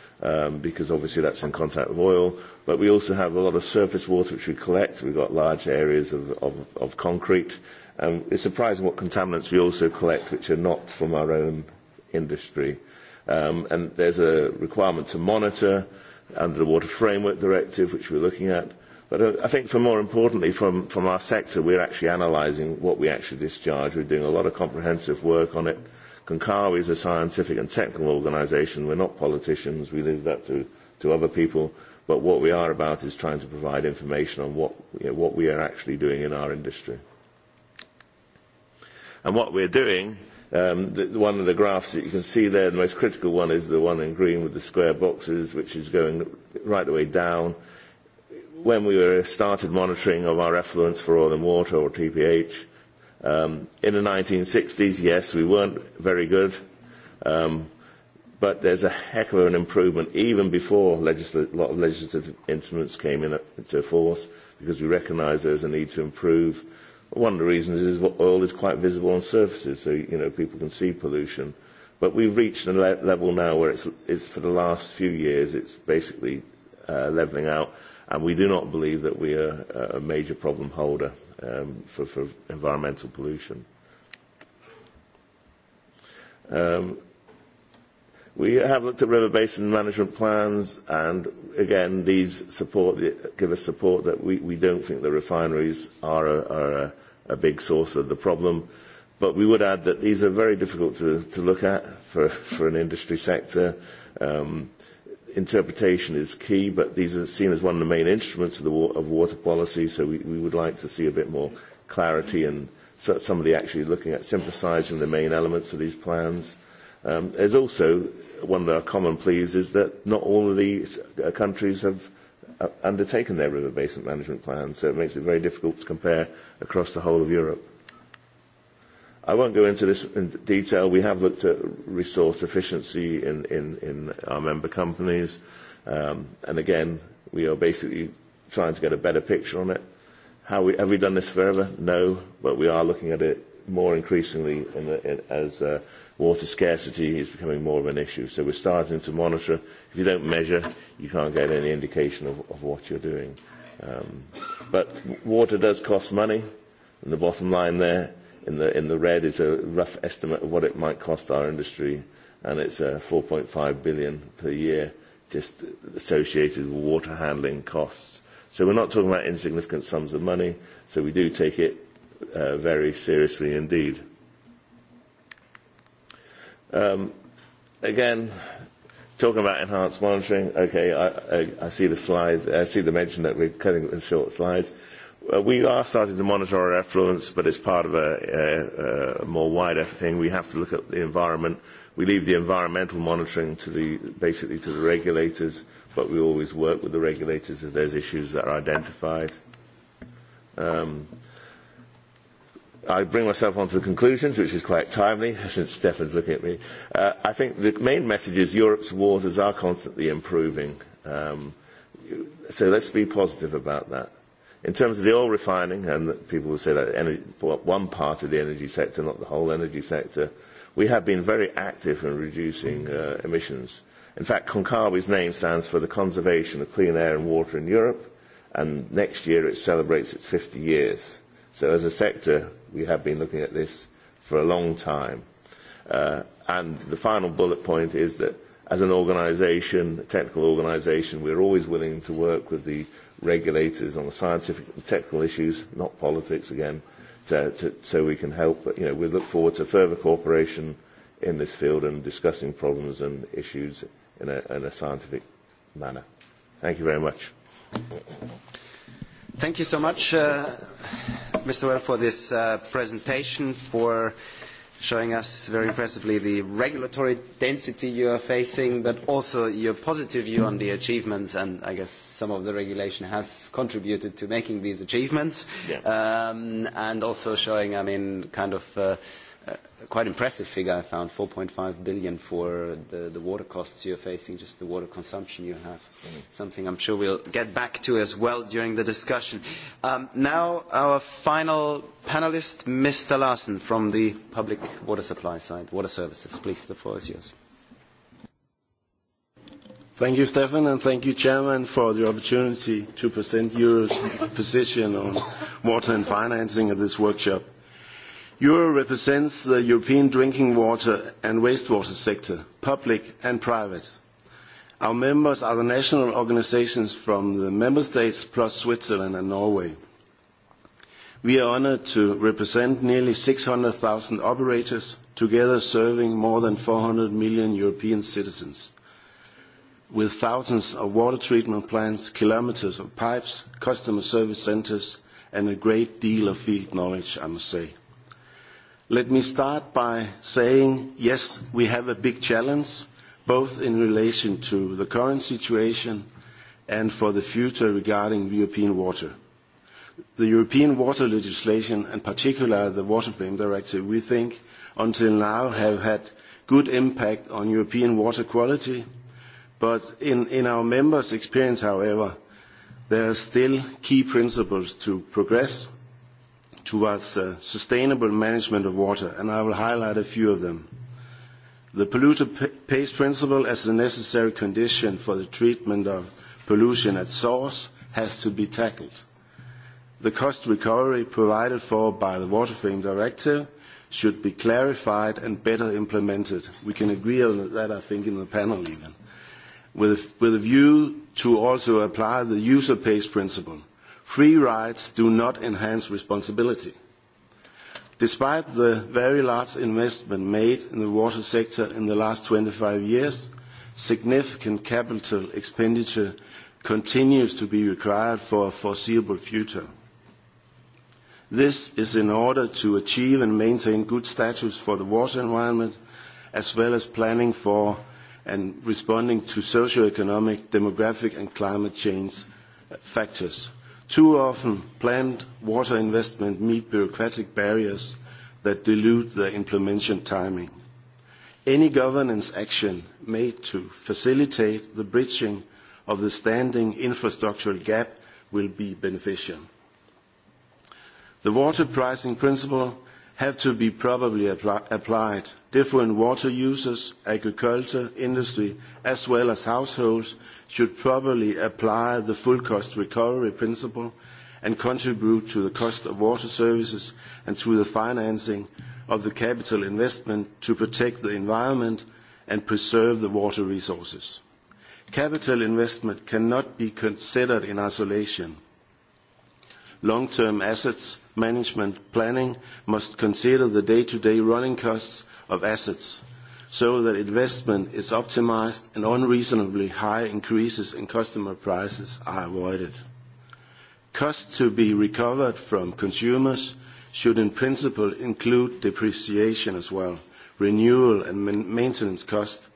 um, because obviously that's in contact with oil. But we also have a lot of surface water which we collect. We've got large areas of, of, of concrete. Um, it's surprising what contaminants we also collect which are not from our own industry. Um, and there's a requirement to monitor under the Water Framework Directive, which we're looking at. But uh, I think for more importantly, from, from our sector, we're actually analysing what we actually discharge. We're doing a lot of comprehensive work on it. CONCARWI is a scientific and technical organisation. We're not politicians. We leave that to, to other people. But what we are about is trying to provide information on what, you know, what we are actually doing in our industry. And what we're doing, um, the, one of the graphs that you can see there, the most critical one is the one in green with the square boxes, which is going right the way down. When we were started monitoring of our effluents for oil and water, or TPH, Um, in the 1960s, yes, we weren't very good, um, but there's a heck of an improvement even before legisl- a lot of legislative instruments came in, uh, into force because we recognise there's a need to improve. One of the reasons is that oil is quite visible on surfaces, so you know people can see pollution. But we've reached a le- level now where it's, it's for the last few years it's basically uh, levelling out, and we do not believe that we are a major problem holder um, for, for environmental pollution. Um, we have looked at river basin management plans, and again, these support the, give us support that we, we don't think the refineries are, a, are a, a big source of the problem. But we would add that these are very difficult to, to look at for, for an industry sector. Um, interpretation is key, but these are seen as one of the main instruments of, the wa- of water policy, so we, we would like to see a bit more clarity and so, somebody actually looking at synthesizing the main elements of these plans. Um, there's also one of our common pleas is that not all of these uh, countries have uh, undertaken their river basin management plans, so it makes it very difficult to compare across the whole of Europe. I won't go into this in detail. We have looked at resource efficiency in, in, in our member companies. Um, and again, we are basically trying to get a better picture on it. How we, have we done this forever? No, but we are looking at it more increasingly in the, in, as uh, water scarcity is becoming more of an issue. So we're starting to monitor. If you don't measure, you can't get any indication of, of what you're doing. Um, but water does cost money, and the bottom line there in the, in the red is a rough estimate of what it might cost our industry, and it's uh, 4.5 billion per year just associated with water handling costs. So we're not talking about insignificant sums of money, so we do take it uh, very seriously indeed. Um, again, talking about enhanced monitoring, okay, I, I, I see the slides, I see the mention that we're cutting the short slides. Uh, we are starting to monitor our effluents, but it's part of a, a, a more wider thing. We have to look at the environment. We leave the environmental monitoring to the, basically to the regulators, but we always work with the regulators if there's issues that are identified. Um, I bring myself on to the conclusions, which is quite timely since Stefan's looking at me. Uh, I think the main message is Europe's waters are constantly improving. Um, so let's be positive about that. In terms of the oil refining, and people will say that energy, one part of the energy sector, not the whole energy sector, we have been very active in reducing uh, emissions. In fact, Concavi's name stands for the Conservation of Clean Air and Water in Europe, and next year it celebrates its 50 years. So as a sector, we have been looking at this for a long time. Uh, and the final bullet point is that as an organisation, a technical organisation, we're always willing to work with the regulators on the scientific and technical issues, not politics again, to, to, so we can help. But, you know, we look forward to further cooperation in this field and discussing problems and issues in a, in a scientific manner. Thank you very much. Thank you so much, uh, Mr. Well, for this uh, presentation, for showing us very impressively the regulatory density you are facing, but also your positive view on the achievements, and I guess some of the regulation has contributed to making these achievements, yeah. um, and also showing, I mean, kind of uh, quite impressive figure I found, 4.5 billion for the, the water costs you're facing, just the water consumption you have. Mm. Something I'm sure we'll get back to as well during the discussion. Um, now our final panelist, Mr. Larsen from the public water supply side, water services. Please, the floor is yours. Thank you, Stefan, and thank you, Chairman, for the opportunity to present your position on water and financing at this workshop. Euro represents the European drinking water and wastewater sector, public and private. Our members are the national organisations from the member states plus Switzerland and Norway. We are honoured to represent nearly 600,000 operators, together serving more than 400 million European citizens. With thousands of water treatment plants, kilometres of pipes, customer service centres, and a great deal of field knowledge, I must say. Let me start by saying, yes, we have a big challenge, both in relation to the current situation and for the future regarding European water. The European water legislation, and particularly the Water Frame Directive, we think until now have had good impact on European water quality. But in our members' experience, however, there are still key principles to progress towards uh, sustainable management of water, and I will highlight a few of them. The polluter pays principle as a necessary condition for the treatment of pollution at source has to be tackled. The cost recovery provided for by the Water Frame Directive should be clarified and better implemented. We can agree on that, I think, in the panel even. With, with a view to also apply the user pays principle Free rides do not enhance responsibility. Despite the very large investment made in the water sector in the last 25 years, significant capital expenditure continues to be required for a foreseeable future. This is in order to achieve and maintain good status for the water environment, as well as planning for and responding to socio-economic, demographic, and climate change factors. Too often, planned water investment meet bureaucratic barriers that dilute the implementation timing. Any governance action made to facilitate the bridging of the standing infrastructural gap will be beneficial. The water pricing principle have to be probably apply, applied. Different water users, agriculture, industry, as well as households should probably apply the full cost recovery principle and contribute to the cost of water services and to the financing of the capital investment to protect the environment and preserve the water resources. Capital investment cannot be considered in isolation. Long-term assets management planning must consider the day-to-day -day running costs of assets so that investment is optimised and unreasonably high increases in customer prices are avoided. Costs to be recovered from consumers should in principle include depreciation as well, renewal and maintenance costs,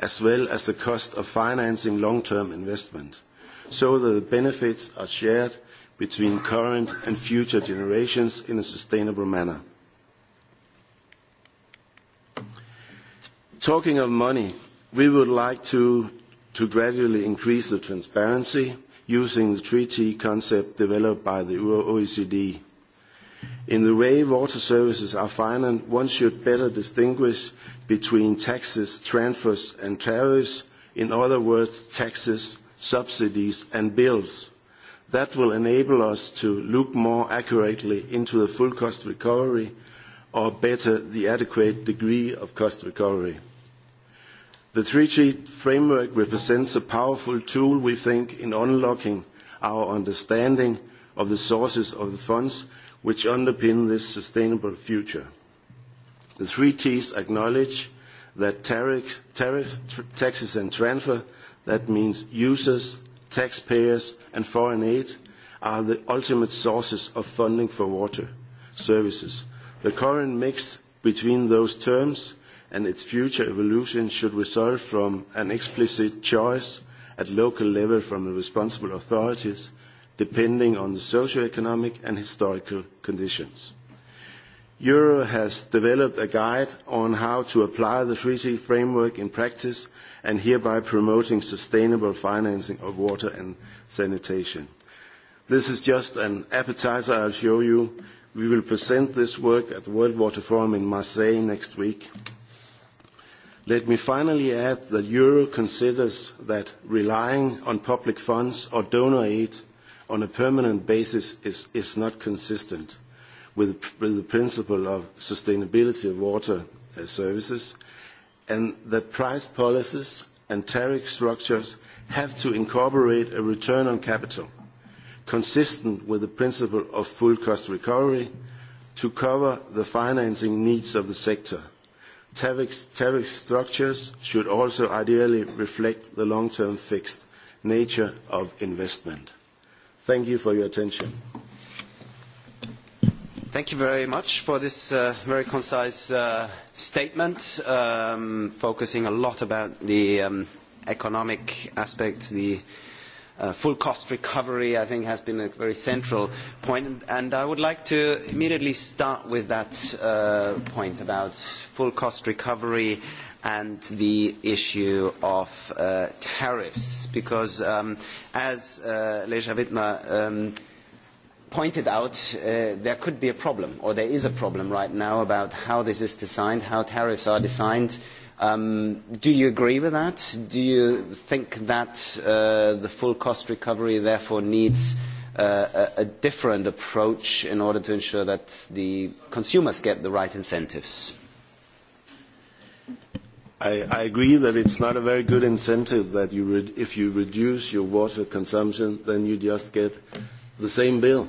as well as the cost of financing long-term investment, so that the benefits are shared between current and future generations in a sustainable manner. Talking of money, we would like to, to gradually increase the transparency using the treaty concept developed by the OECD. In the way water services are financed, one should better distinguish between taxes, transfers and tariffs, in other words, taxes, subsidies and bills That will enable us to look more accurately into the full cost recovery or better the adequate degree of cost recovery. The 3G framework represents a powerful tool, we think, in unlocking our understanding of the sources of the funds which underpin this sustainable future. The three Ts acknowledge that tariff taxes and transfer, that means users, taxpayers and foreign aid are the ultimate sources of funding for water services. The current mix between those terms and its future evolution should result from an explicit choice at local level from the responsible authorities, depending on the socio-economic and historical conditions. Euro has developed a guide on how to apply the treaty framework in practice and hereby promoting sustainable financing of water and sanitation. This is just an appetizer I'll show you. We will present this work at the World Water Forum in Marseille next week. Let me finally add that Euro considers that relying on public funds or donor aid on a permanent basis is, is not consistent with, the principle of sustainability of water uh, services, and that price policies and tariff structures have to incorporate a return on capital consistent with the principle of full cost recovery to cover the financing needs of the sector. Tariff, tariff structures should also ideally reflect the long-term fixed nature of investment. Thank you for your attention. Thank you very much for this uh, very concise uh, statement, um, focusing a lot about the um, economic aspects, the uh, full cost recovery, I think, has been a very central point. And I would like to immediately start with that uh, point about full cost recovery and the issue of uh, tariffs, because um, as uh, Leja Wittmer um, pointed out uh, there could be a problem, or there is a problem right now about how this is designed, how tariffs are designed. Um, do you agree with that? Do you think that uh, the full cost recovery therefore needs uh, a, a different approach in order to ensure that the consumers get the right incentives? I, I agree that it's not a very good incentive that you re- if you reduce your water consumption, then you just get the same bill.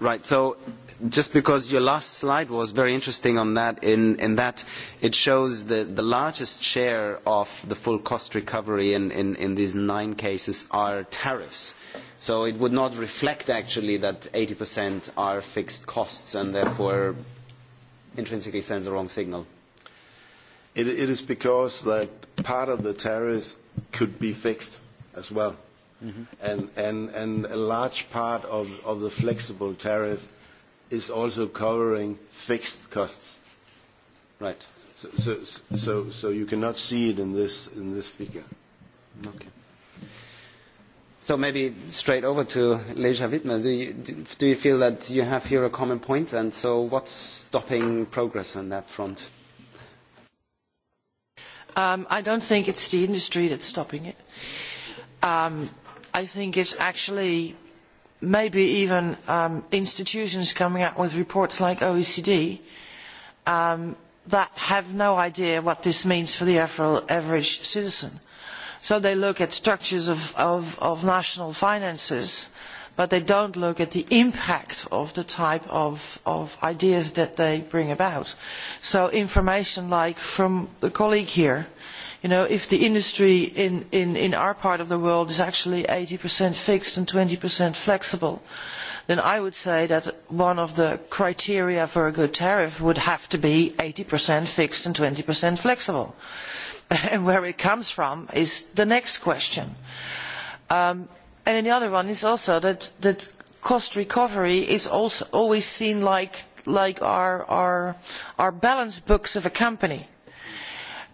Right. So just because your last slide was very interesting on that, in, in that it shows the, the largest share of the full cost recovery in, in, in these nine cases are tariffs. So it would not reflect actually that 80% are fixed costs and therefore intrinsically sends the wrong signal. It, it is because that part of the tariffs could be fixed as well. Mm -hmm. and, a large part of, the flexible tariff is also covering fixed costs. Right. So, you cannot see it in this, figure. Okay. So maybe straight over to Leja Wittmer. Do you, feel that you have here a common point, and so what's stopping progress on that front? Um, I don't think it's the industry that's stopping it. Um, I think it's actually maybe even um, institutions coming up with reports like OECD um, that have no idea what this means for the average citizen. So they look at structures of, of, of national finances, but they don't look at the impact of the type of, of ideas that they bring about. So information like from the colleague here, you know, if the industry in, in, in our part of the world is actually 80% fixed and 20% flexible, then I would say that one of the criteria for a good tariff would have to be 80% fixed and 20% flexible. (laughs) and where it comes from is the next question. Um, and then the other one is also that, that cost recovery is also always seen like, like our, our, our balance books of a company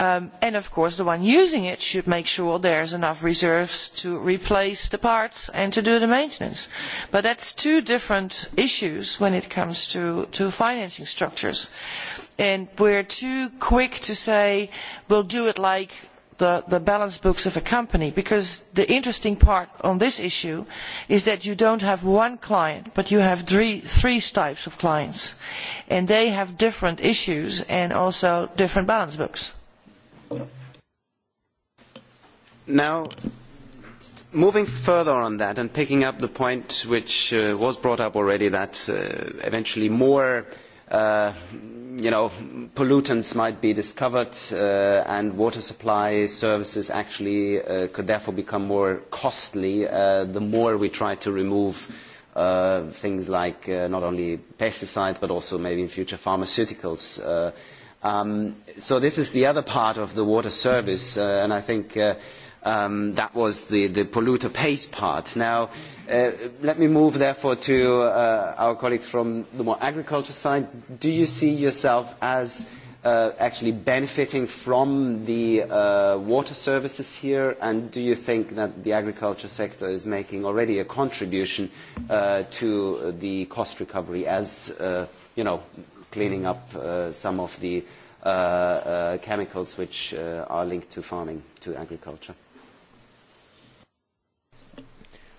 Um, and of course the one using it should make sure there are enough reserves to replace the parts and to do the maintenance. But that is two different issues when it comes to, financing structures. And we are too quick to say we will do it like the, balance books of a company because the interesting part on this issue is that you do not have one client but you have three types of clients and they have different issues and also different balance books. Now, moving further on that and picking up the point which uh, was brought up already that uh, eventually more uh, you know, pollutants might be discovered uh, and water supply services actually uh, could therefore become more costly uh, the more we try to remove things like not only pesticides but also maybe in future pharmaceuticals uh, Um, so this is the other part of the water service, uh, and I think uh, um, that was the, the polluter pays part. Now, uh, let me move therefore to uh, our colleagues from the more agriculture side. Do you see yourself as uh, actually benefiting from the uh, water services here, and do you think that the agriculture sector is making already a contribution uh, to the cost recovery as, uh, you know, cleaning up uh, some of the uh, uh, chemicals which uh, are linked to farming, to agriculture?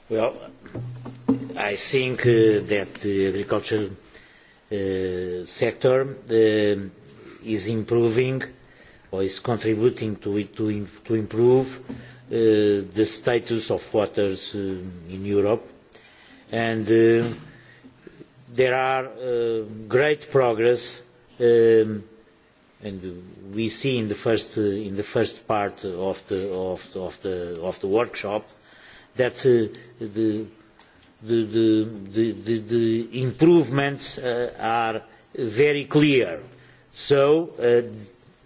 Well, I think uh, that the agriculture uh, sector uh, is improving or is contributing to it to, to improve uh, the status of waters uh, in Europe. And uh, there are uh, great progress um, and we see in the first uh, in the first part of the of, of the of the workshop that uh, the, the, the, the, the improvements uh, are very clear so uh,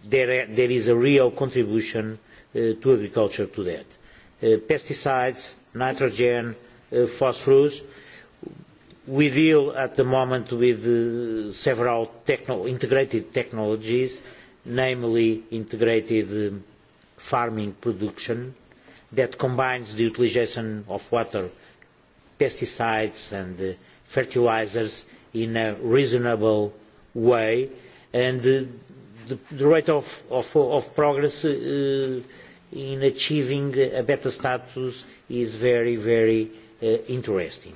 there there is a real contribution uh, to agriculture to that uh, pesticides nitrogen uh, phosphorus uh, we deal at the moment with uh, several techno integrated technologies, namely integrated um, farming production that combines the utilisation of water, pesticides and uh, fertilisers in a reasonable way. And uh, the, the, rate of, of, of progress uh, in achieving a better status is very, very uh, interesting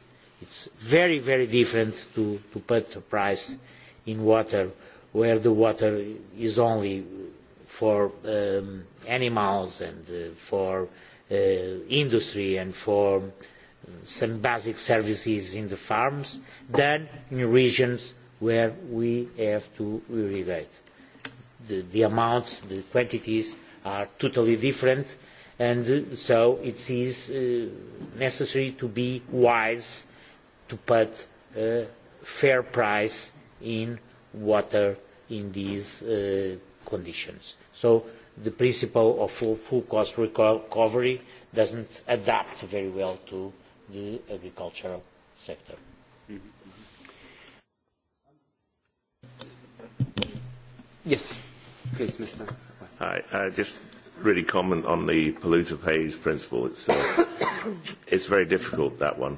It's very, very different to, to put a price in water where the water is only for um, animals and uh, for uh, industry and for um, some basic services in the farms than in regions where we have to irrigate. The, the amounts, the quantities are totally different and so it is uh, necessary to be wise to put a uh, fair price in water in these uh, conditions. So the principle of full, full cost recovery doesn't adapt very well to the agricultural sector. Yes, please, Mr. Hi, uh, just really comment on the polluter pays principle. It's, uh, (coughs) it's very difficult, that one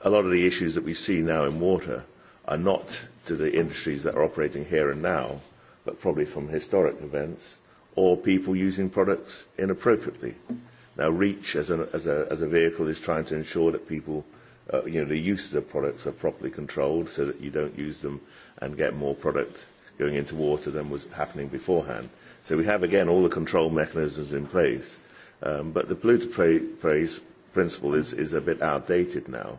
a lot of the issues that we see now in water are not to the industries that are operating here and now, but probably from historic events or people using products inappropriately. Now, REACH as a, as a, as a vehicle is trying to ensure that people, uh, you know, the uses of products are properly controlled so that you don't use them and get more product going into water than was happening beforehand. So we have, again, all the control mechanisms in place. Um, but the polluter praise principle is, is a bit outdated now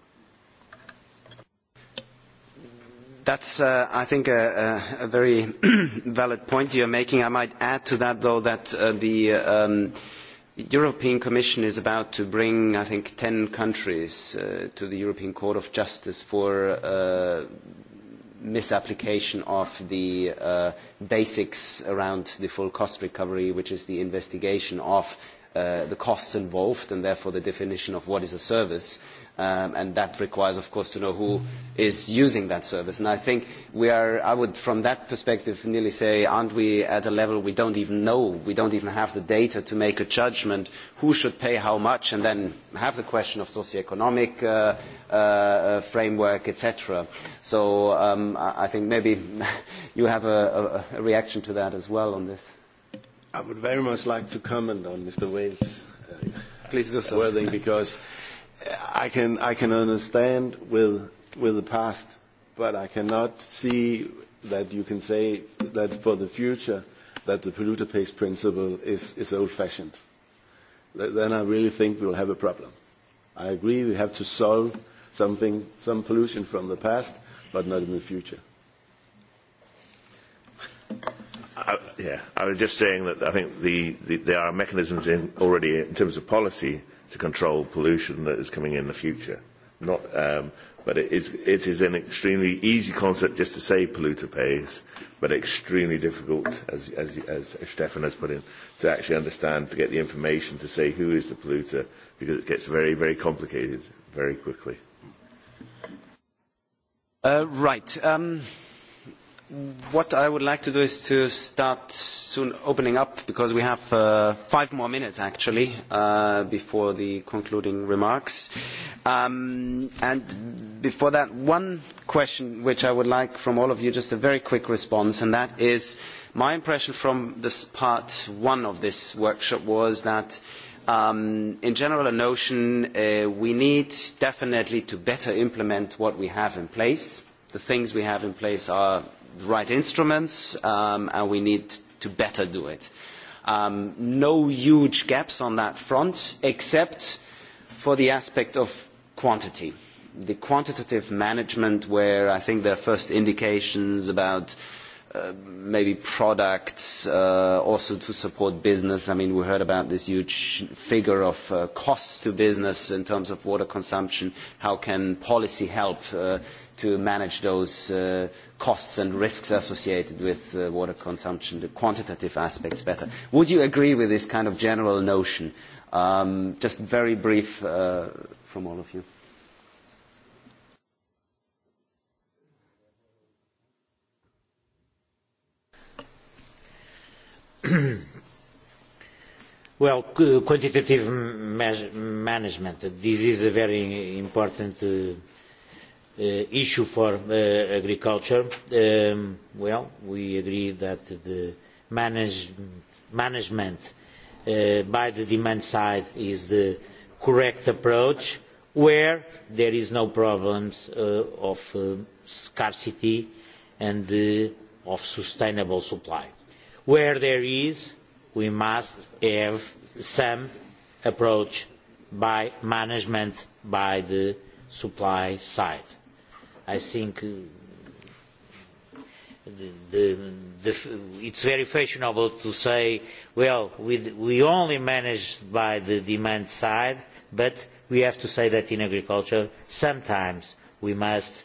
That's, uh, I think, a, a very (clears throat) valid point you're making. I might add to that, though, that uh, the um, European Commission is about to bring, I think, 10 countries uh, to the European Court of Justice for uh, misapplication of the uh, basics around the full cost recovery, which is the investigation of Uh, the costs involved and therefore the definition of what is a service. Um, and that requires, of course, to know who is using that service. And I think we are, I would, from that perspective, nearly say, aren't we at a level we don't even know, we don't even have the data to make a judgment who should pay how much, and then have the question of socioeconomic uh, uh, framework, etc. So um, I think maybe (laughs) you have a, a, a reaction to that as well on this. I would very much like to comment on Mr. Wales' uh, Please do so. wording because I can, I can understand with, with the past, but I cannot see that you can say that for the future that the polluter pays principle is, is old-fashioned. Then I really think we will have a problem. I agree we have to solve something, some pollution from the past, but not in the future. I, yeah, I was just saying that I think the, the, there are mechanisms in already in terms of policy to control pollution that is coming in the future. Not, um, but it is, it is an extremely easy concept just to say polluter pays, but extremely difficult, as, as, as Stefan has put in, to actually understand, to get the information to say who is the polluter, because it gets very, very complicated very quickly. Uh, right. Um what I would like to do is to start soon opening up because we have uh, five more minutes actually uh, before the concluding remarks. Um, and before that, one question which I would like from all of you, just a very quick response, and that is my impression from this part one of this workshop was that um, in general a notion uh, we need definitely to better implement what we have in place. The things we have in place are the right instruments, um, and we need to better do it. Um, no huge gaps on that front, except for the aspect of quantity. The quantitative management, where I think there are first indications about uh, maybe products uh, also to support business. I mean, we heard about this huge figure of uh, costs to business in terms of water consumption. How can policy help uh, to manage those uh, costs and risks associated with uh, water consumption, the quantitative aspects better. Would you agree with this kind of general notion? Um, just very brief uh, from all of you. (coughs) well, quantitative management, this is a very important uh, Uh, issue for uh, agriculture, um, well, we agree that the manage, management uh, by the demand side is the correct approach where there is no problems of scarcity and of sustainable supply. Where there is, we must have some approach by management by the supply side I think uh, the, the, the, it's very fashionable to say, well, we, we only manage by the demand side, but we have to say that in agriculture sometimes we must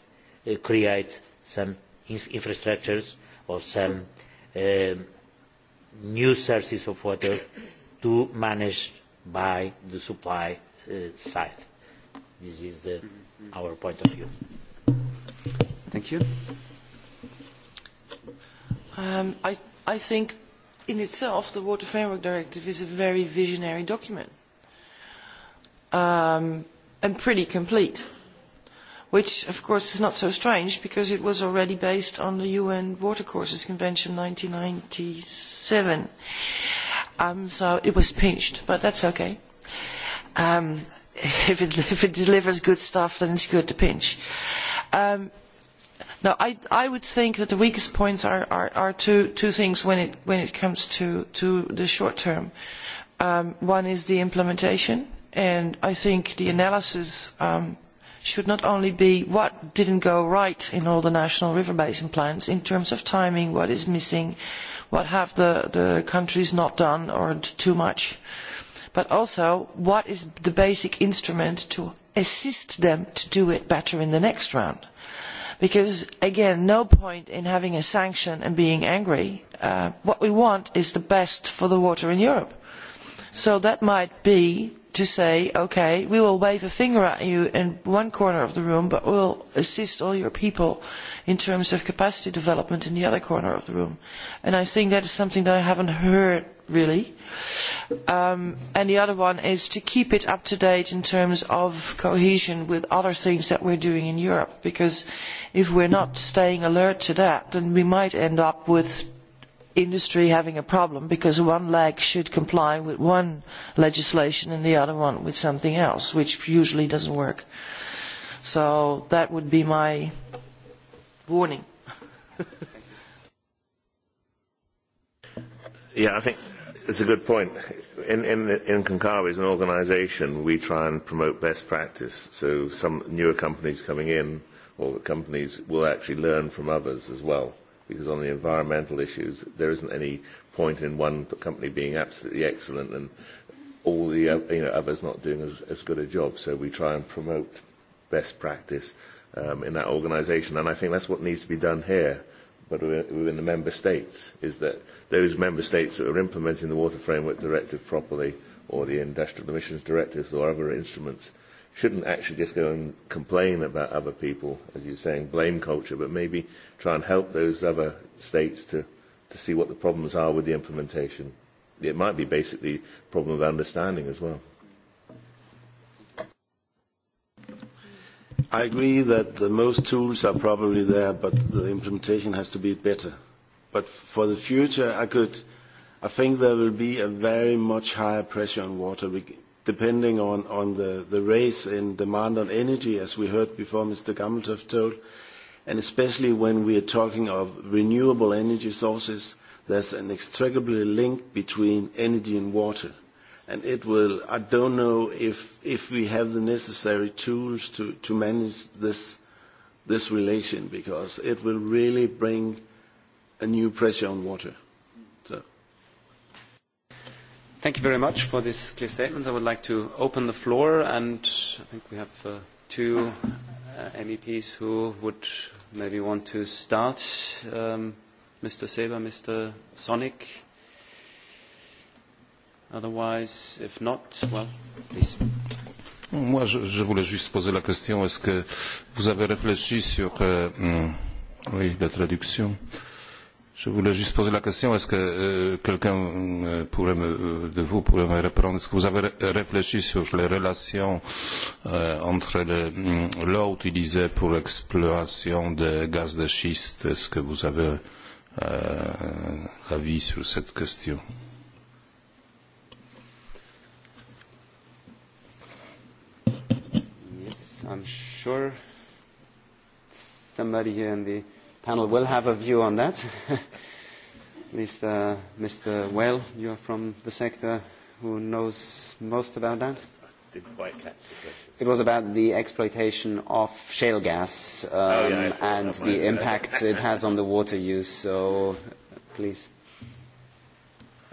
uh, create some inf infrastructures or some uh, new sources of water to manage by the supply uh, side. This is the, our point of view. Thank you. Um, I, I think in itself the Water Framework Directive is a very visionary document um, and pretty complete, which of course is not so strange because it was already based on the UN Watercourses Convention 1997. Um, so it was pinched, but that's okay. Um, (laughs) if, it, if it delivers good stuff, then it's good to pinch. Um, Now, I, I would think that the weakest points are, are, are two, two things when it, when it comes to, to the short term. Um, one is the implementation, and I think the analysis um, should not only be what didn't go right in all the national river basin plans in terms of timing, what is missing, what have the, the countries not done or too much, but also what is the basic instrument to assist them to do it better in the next round because again there is no point in having a sanction and being angry uh, what we want is the best for the water in europe so that might be to say ok we will wave a finger at you in one corner of the room but we will assist all your people in terms of capacity development in the other corner of the room and i think that is something that i have not heard really. Um, and the other one is to keep it up to date in terms of cohesion with other things that we're doing in Europe, because if we're not staying alert to that, then we might end up with industry having a problem because one leg should comply with one legislation and the other one with something else, which usually doesn't work. So that would be my warning. yeah, I think It's a good point. In, in, in Concavi as an organization, we try and promote best practice. So some newer companies coming in or companies will actually learn from others as well. Because on the environmental issues, there isn't any point in one company being absolutely excellent and all the uh, you know, others not doing as, as good a job. So we try and promote best practice um, in that organization. And I think that's what needs to be done here but within the member states, is that those member states that are implementing the Water Framework Directive properly or the Industrial Emissions Directives or other instruments shouldn't actually just go and complain about other people, as you're saying, blame culture, but maybe try and help those other states to, to see what the problems are with the implementation. It might be basically a problem of understanding as well. I agree that the most tools are probably there, but the implementation has to be better. But for the future, I could, I think there will be a very much higher pressure on water, depending on, on the, the race in demand on energy, as we heard before Mr. Gammeltoft told, and especially when we are talking of renewable energy sources, there's an inextricably link between energy and water and it will. I don't know if we have the necessary tools to manage this relation because it will really bring a new pressure on water. Thank you very much for this clear statement. I would like to open the floor, and I think we have uh, two uh, MEPs who would maybe want to start. Mr. Um, Seeber, Mr. Sonik. Otherwise, if not, well, please. Moi, je, je voulais juste poser la question. Est-ce que vous avez réfléchi sur... Euh, hmm, oui, la traduction. Je voulais juste poser la question. Est-ce que euh, quelqu'un euh, euh, de vous pourrait me répondre Est-ce que vous avez réfléchi sur les relations euh, entre hmm, l'eau utilisée pour l'exploration de gaz de schiste Est-ce que vous avez euh, avis sur cette question euh, I'm sure somebody here in the panel will have a view on that. (laughs) At least uh, Mr. Whale, are from the sector who knows most about that. quite catch the question. It was about the exploitation of shale gas um, oh, yeah, um, and the impact it has on the water use. So, please.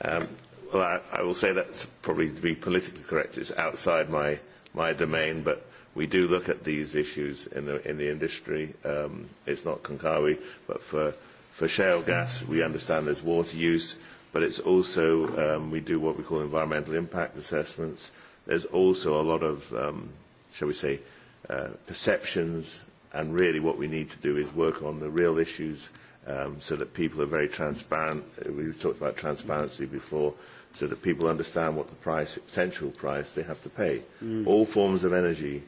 Um, well, I, I will say that's probably to be politically correct. It's outside my, my domain, but we do look at these issues in the, industry. Um, it's not Konkawi, but for, shale gas, we understand there's water use, but it's also, um, we do what we call environmental impact assessments. There's also a lot of, um, shall we say, uh, perceptions, and really what we need to do is work on the real issues so that people are very transparent. We've talked about transparency before so that people understand what the price, potential price they have to pay. Mm. All forms of energy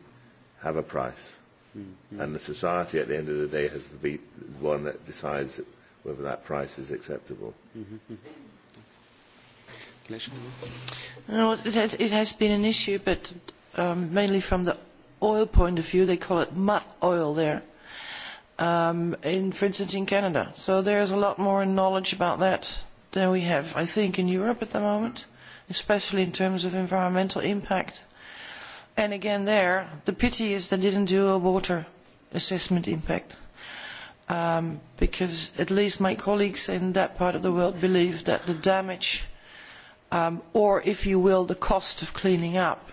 have a price. Mm-hmm. And the society at the end of the day has to be the one that decides whether that price is acceptable. Mm-hmm. No, it has, it has been an issue, but um, mainly from the oil point of view, they call it mud oil there. Um, in, for instance, in Canada. So there's a lot more knowledge about that than we have, I think, in Europe at the moment, especially in terms of environmental impact. And again there, the pity is they didn't do a water assessment impact. Um, because at least my colleagues in that part of the world believe that the damage, um, or if you will, the cost of cleaning up,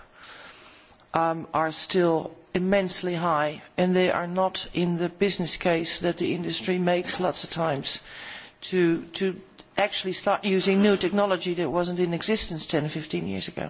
um, are still immensely high, and they are not in the business case that the industry makes lots of times to, to actually start using new technology that wasn't in existence 10 or 15 years ago.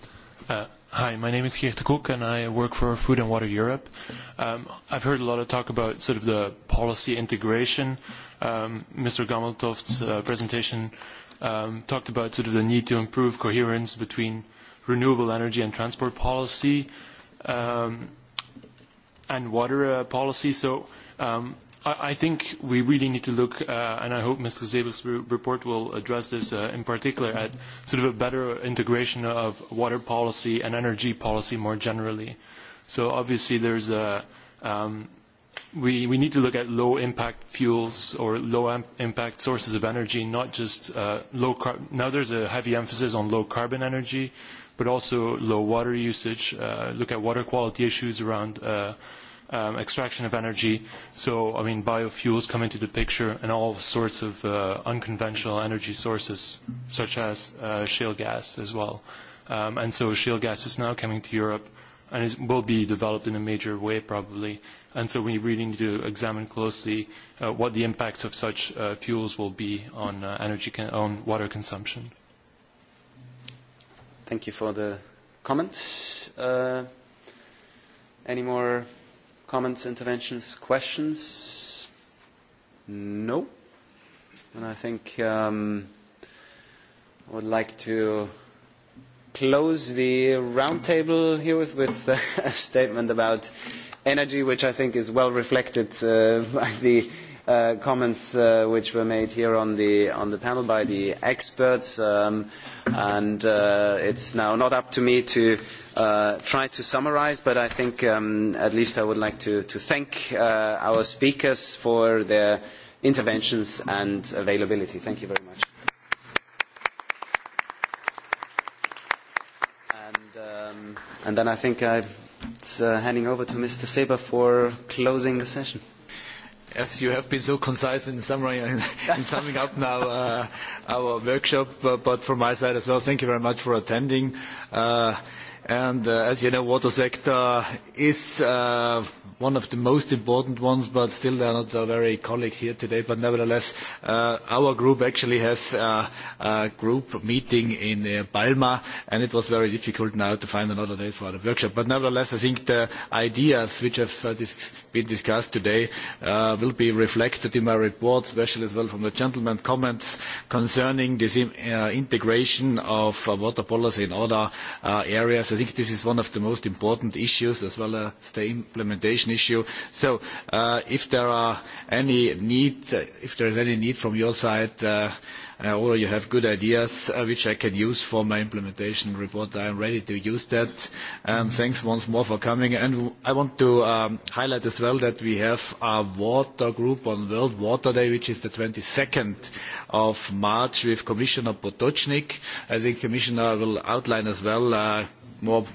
Uh, hi, my name is Geert de Kok and I work for Food and Water Europe. Um, I've heard a lot of talk about sort of the policy integration. Um, Mr. Gameltoft's uh, presentation um, talked about sort of the need to improve coherence between renewable energy and transport policy um, and water uh, policy. So um, I think we really need to look, uh, and I hope Mr. Zebel's report will address this uh, in particular, at sort of a better integration of water policy and energy policy more generally. So obviously there's a, um, we, we need to look at low impact fuels or low impact sources of energy, not just uh, low carbon. Now there's a heavy emphasis on low carbon energy, but also low water usage, uh, look at water quality issues around uh, um, extraction of energy. So, I mean, biofuels come into the picture and all sorts of uh, unconventional energy sources, such as uh, shale gas as well. Um, and so shale gas is now coming to Europe and it will be developed in a major way probably. And so we really need to examine closely uh, what the impacts of such uh, fuels will be on uh, energy con on water consumption. Thank you for the comment. Uh, any more Comments, interventions, questions? No. And I think um, I would like to close the roundtable here with, with (laughs) a statement about energy, which I think is well reflected uh, by the uh, comments uh, which were made here on the on the panel by the experts, um, and uh, it's now not up to me to uh, try to summarize, but I think um, at least I would like to, to thank uh, our speakers for their interventions and availability. Thank you very much. And, um, and then I think I'm uh, handing over to Mr. Seber for closing the session. As you have been so concise in, summary, (laughs) in summing up now uh, our workshop, uh, but from my side as well, thank you very much for attending. Uh, And uh, as you know, water sector is uh, one of the most important ones, but still there are not our uh, very colleagues here today. But nevertheless, uh, our group actually has uh, a group meeting in uh, Palma, and it was very difficult now to find another day for the workshop. But nevertheless, I think the ideas which have uh, dis been discussed today uh, will be reflected in my report, especially as well from the gentleman's comments concerning this in, uh, integration of uh, water policy in other uh, areas. I think this is one of the most important issues, as well as the implementation an issue. So uh, if there are any need, uh, if there is any need from your side, uh, uh or you have good ideas uh, which I can use for my implementation report, I am ready to use that. And mm -hmm. thanks once more for coming. And I want to um, highlight as well that we have a water group on World Water Day, which is the 22nd of March with Commissioner Potocznik. I think Commissioner will outline as well uh, more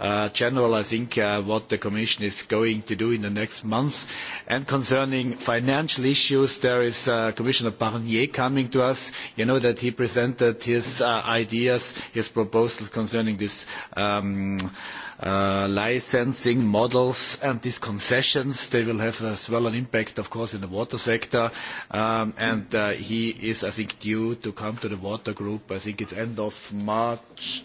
uh, general, I think uh, what the Commission is going to do in the next months. And concerning financial issues, there is uh, Commissioner Barnier coming to us. You know that he presented his uh, ideas, his proposals concerning this um, Uh, licensing models and these concessions. They will have as well an impact, of course, in the water sector. Um, and uh, he is, I think, due to come to the water group. I think it's end of March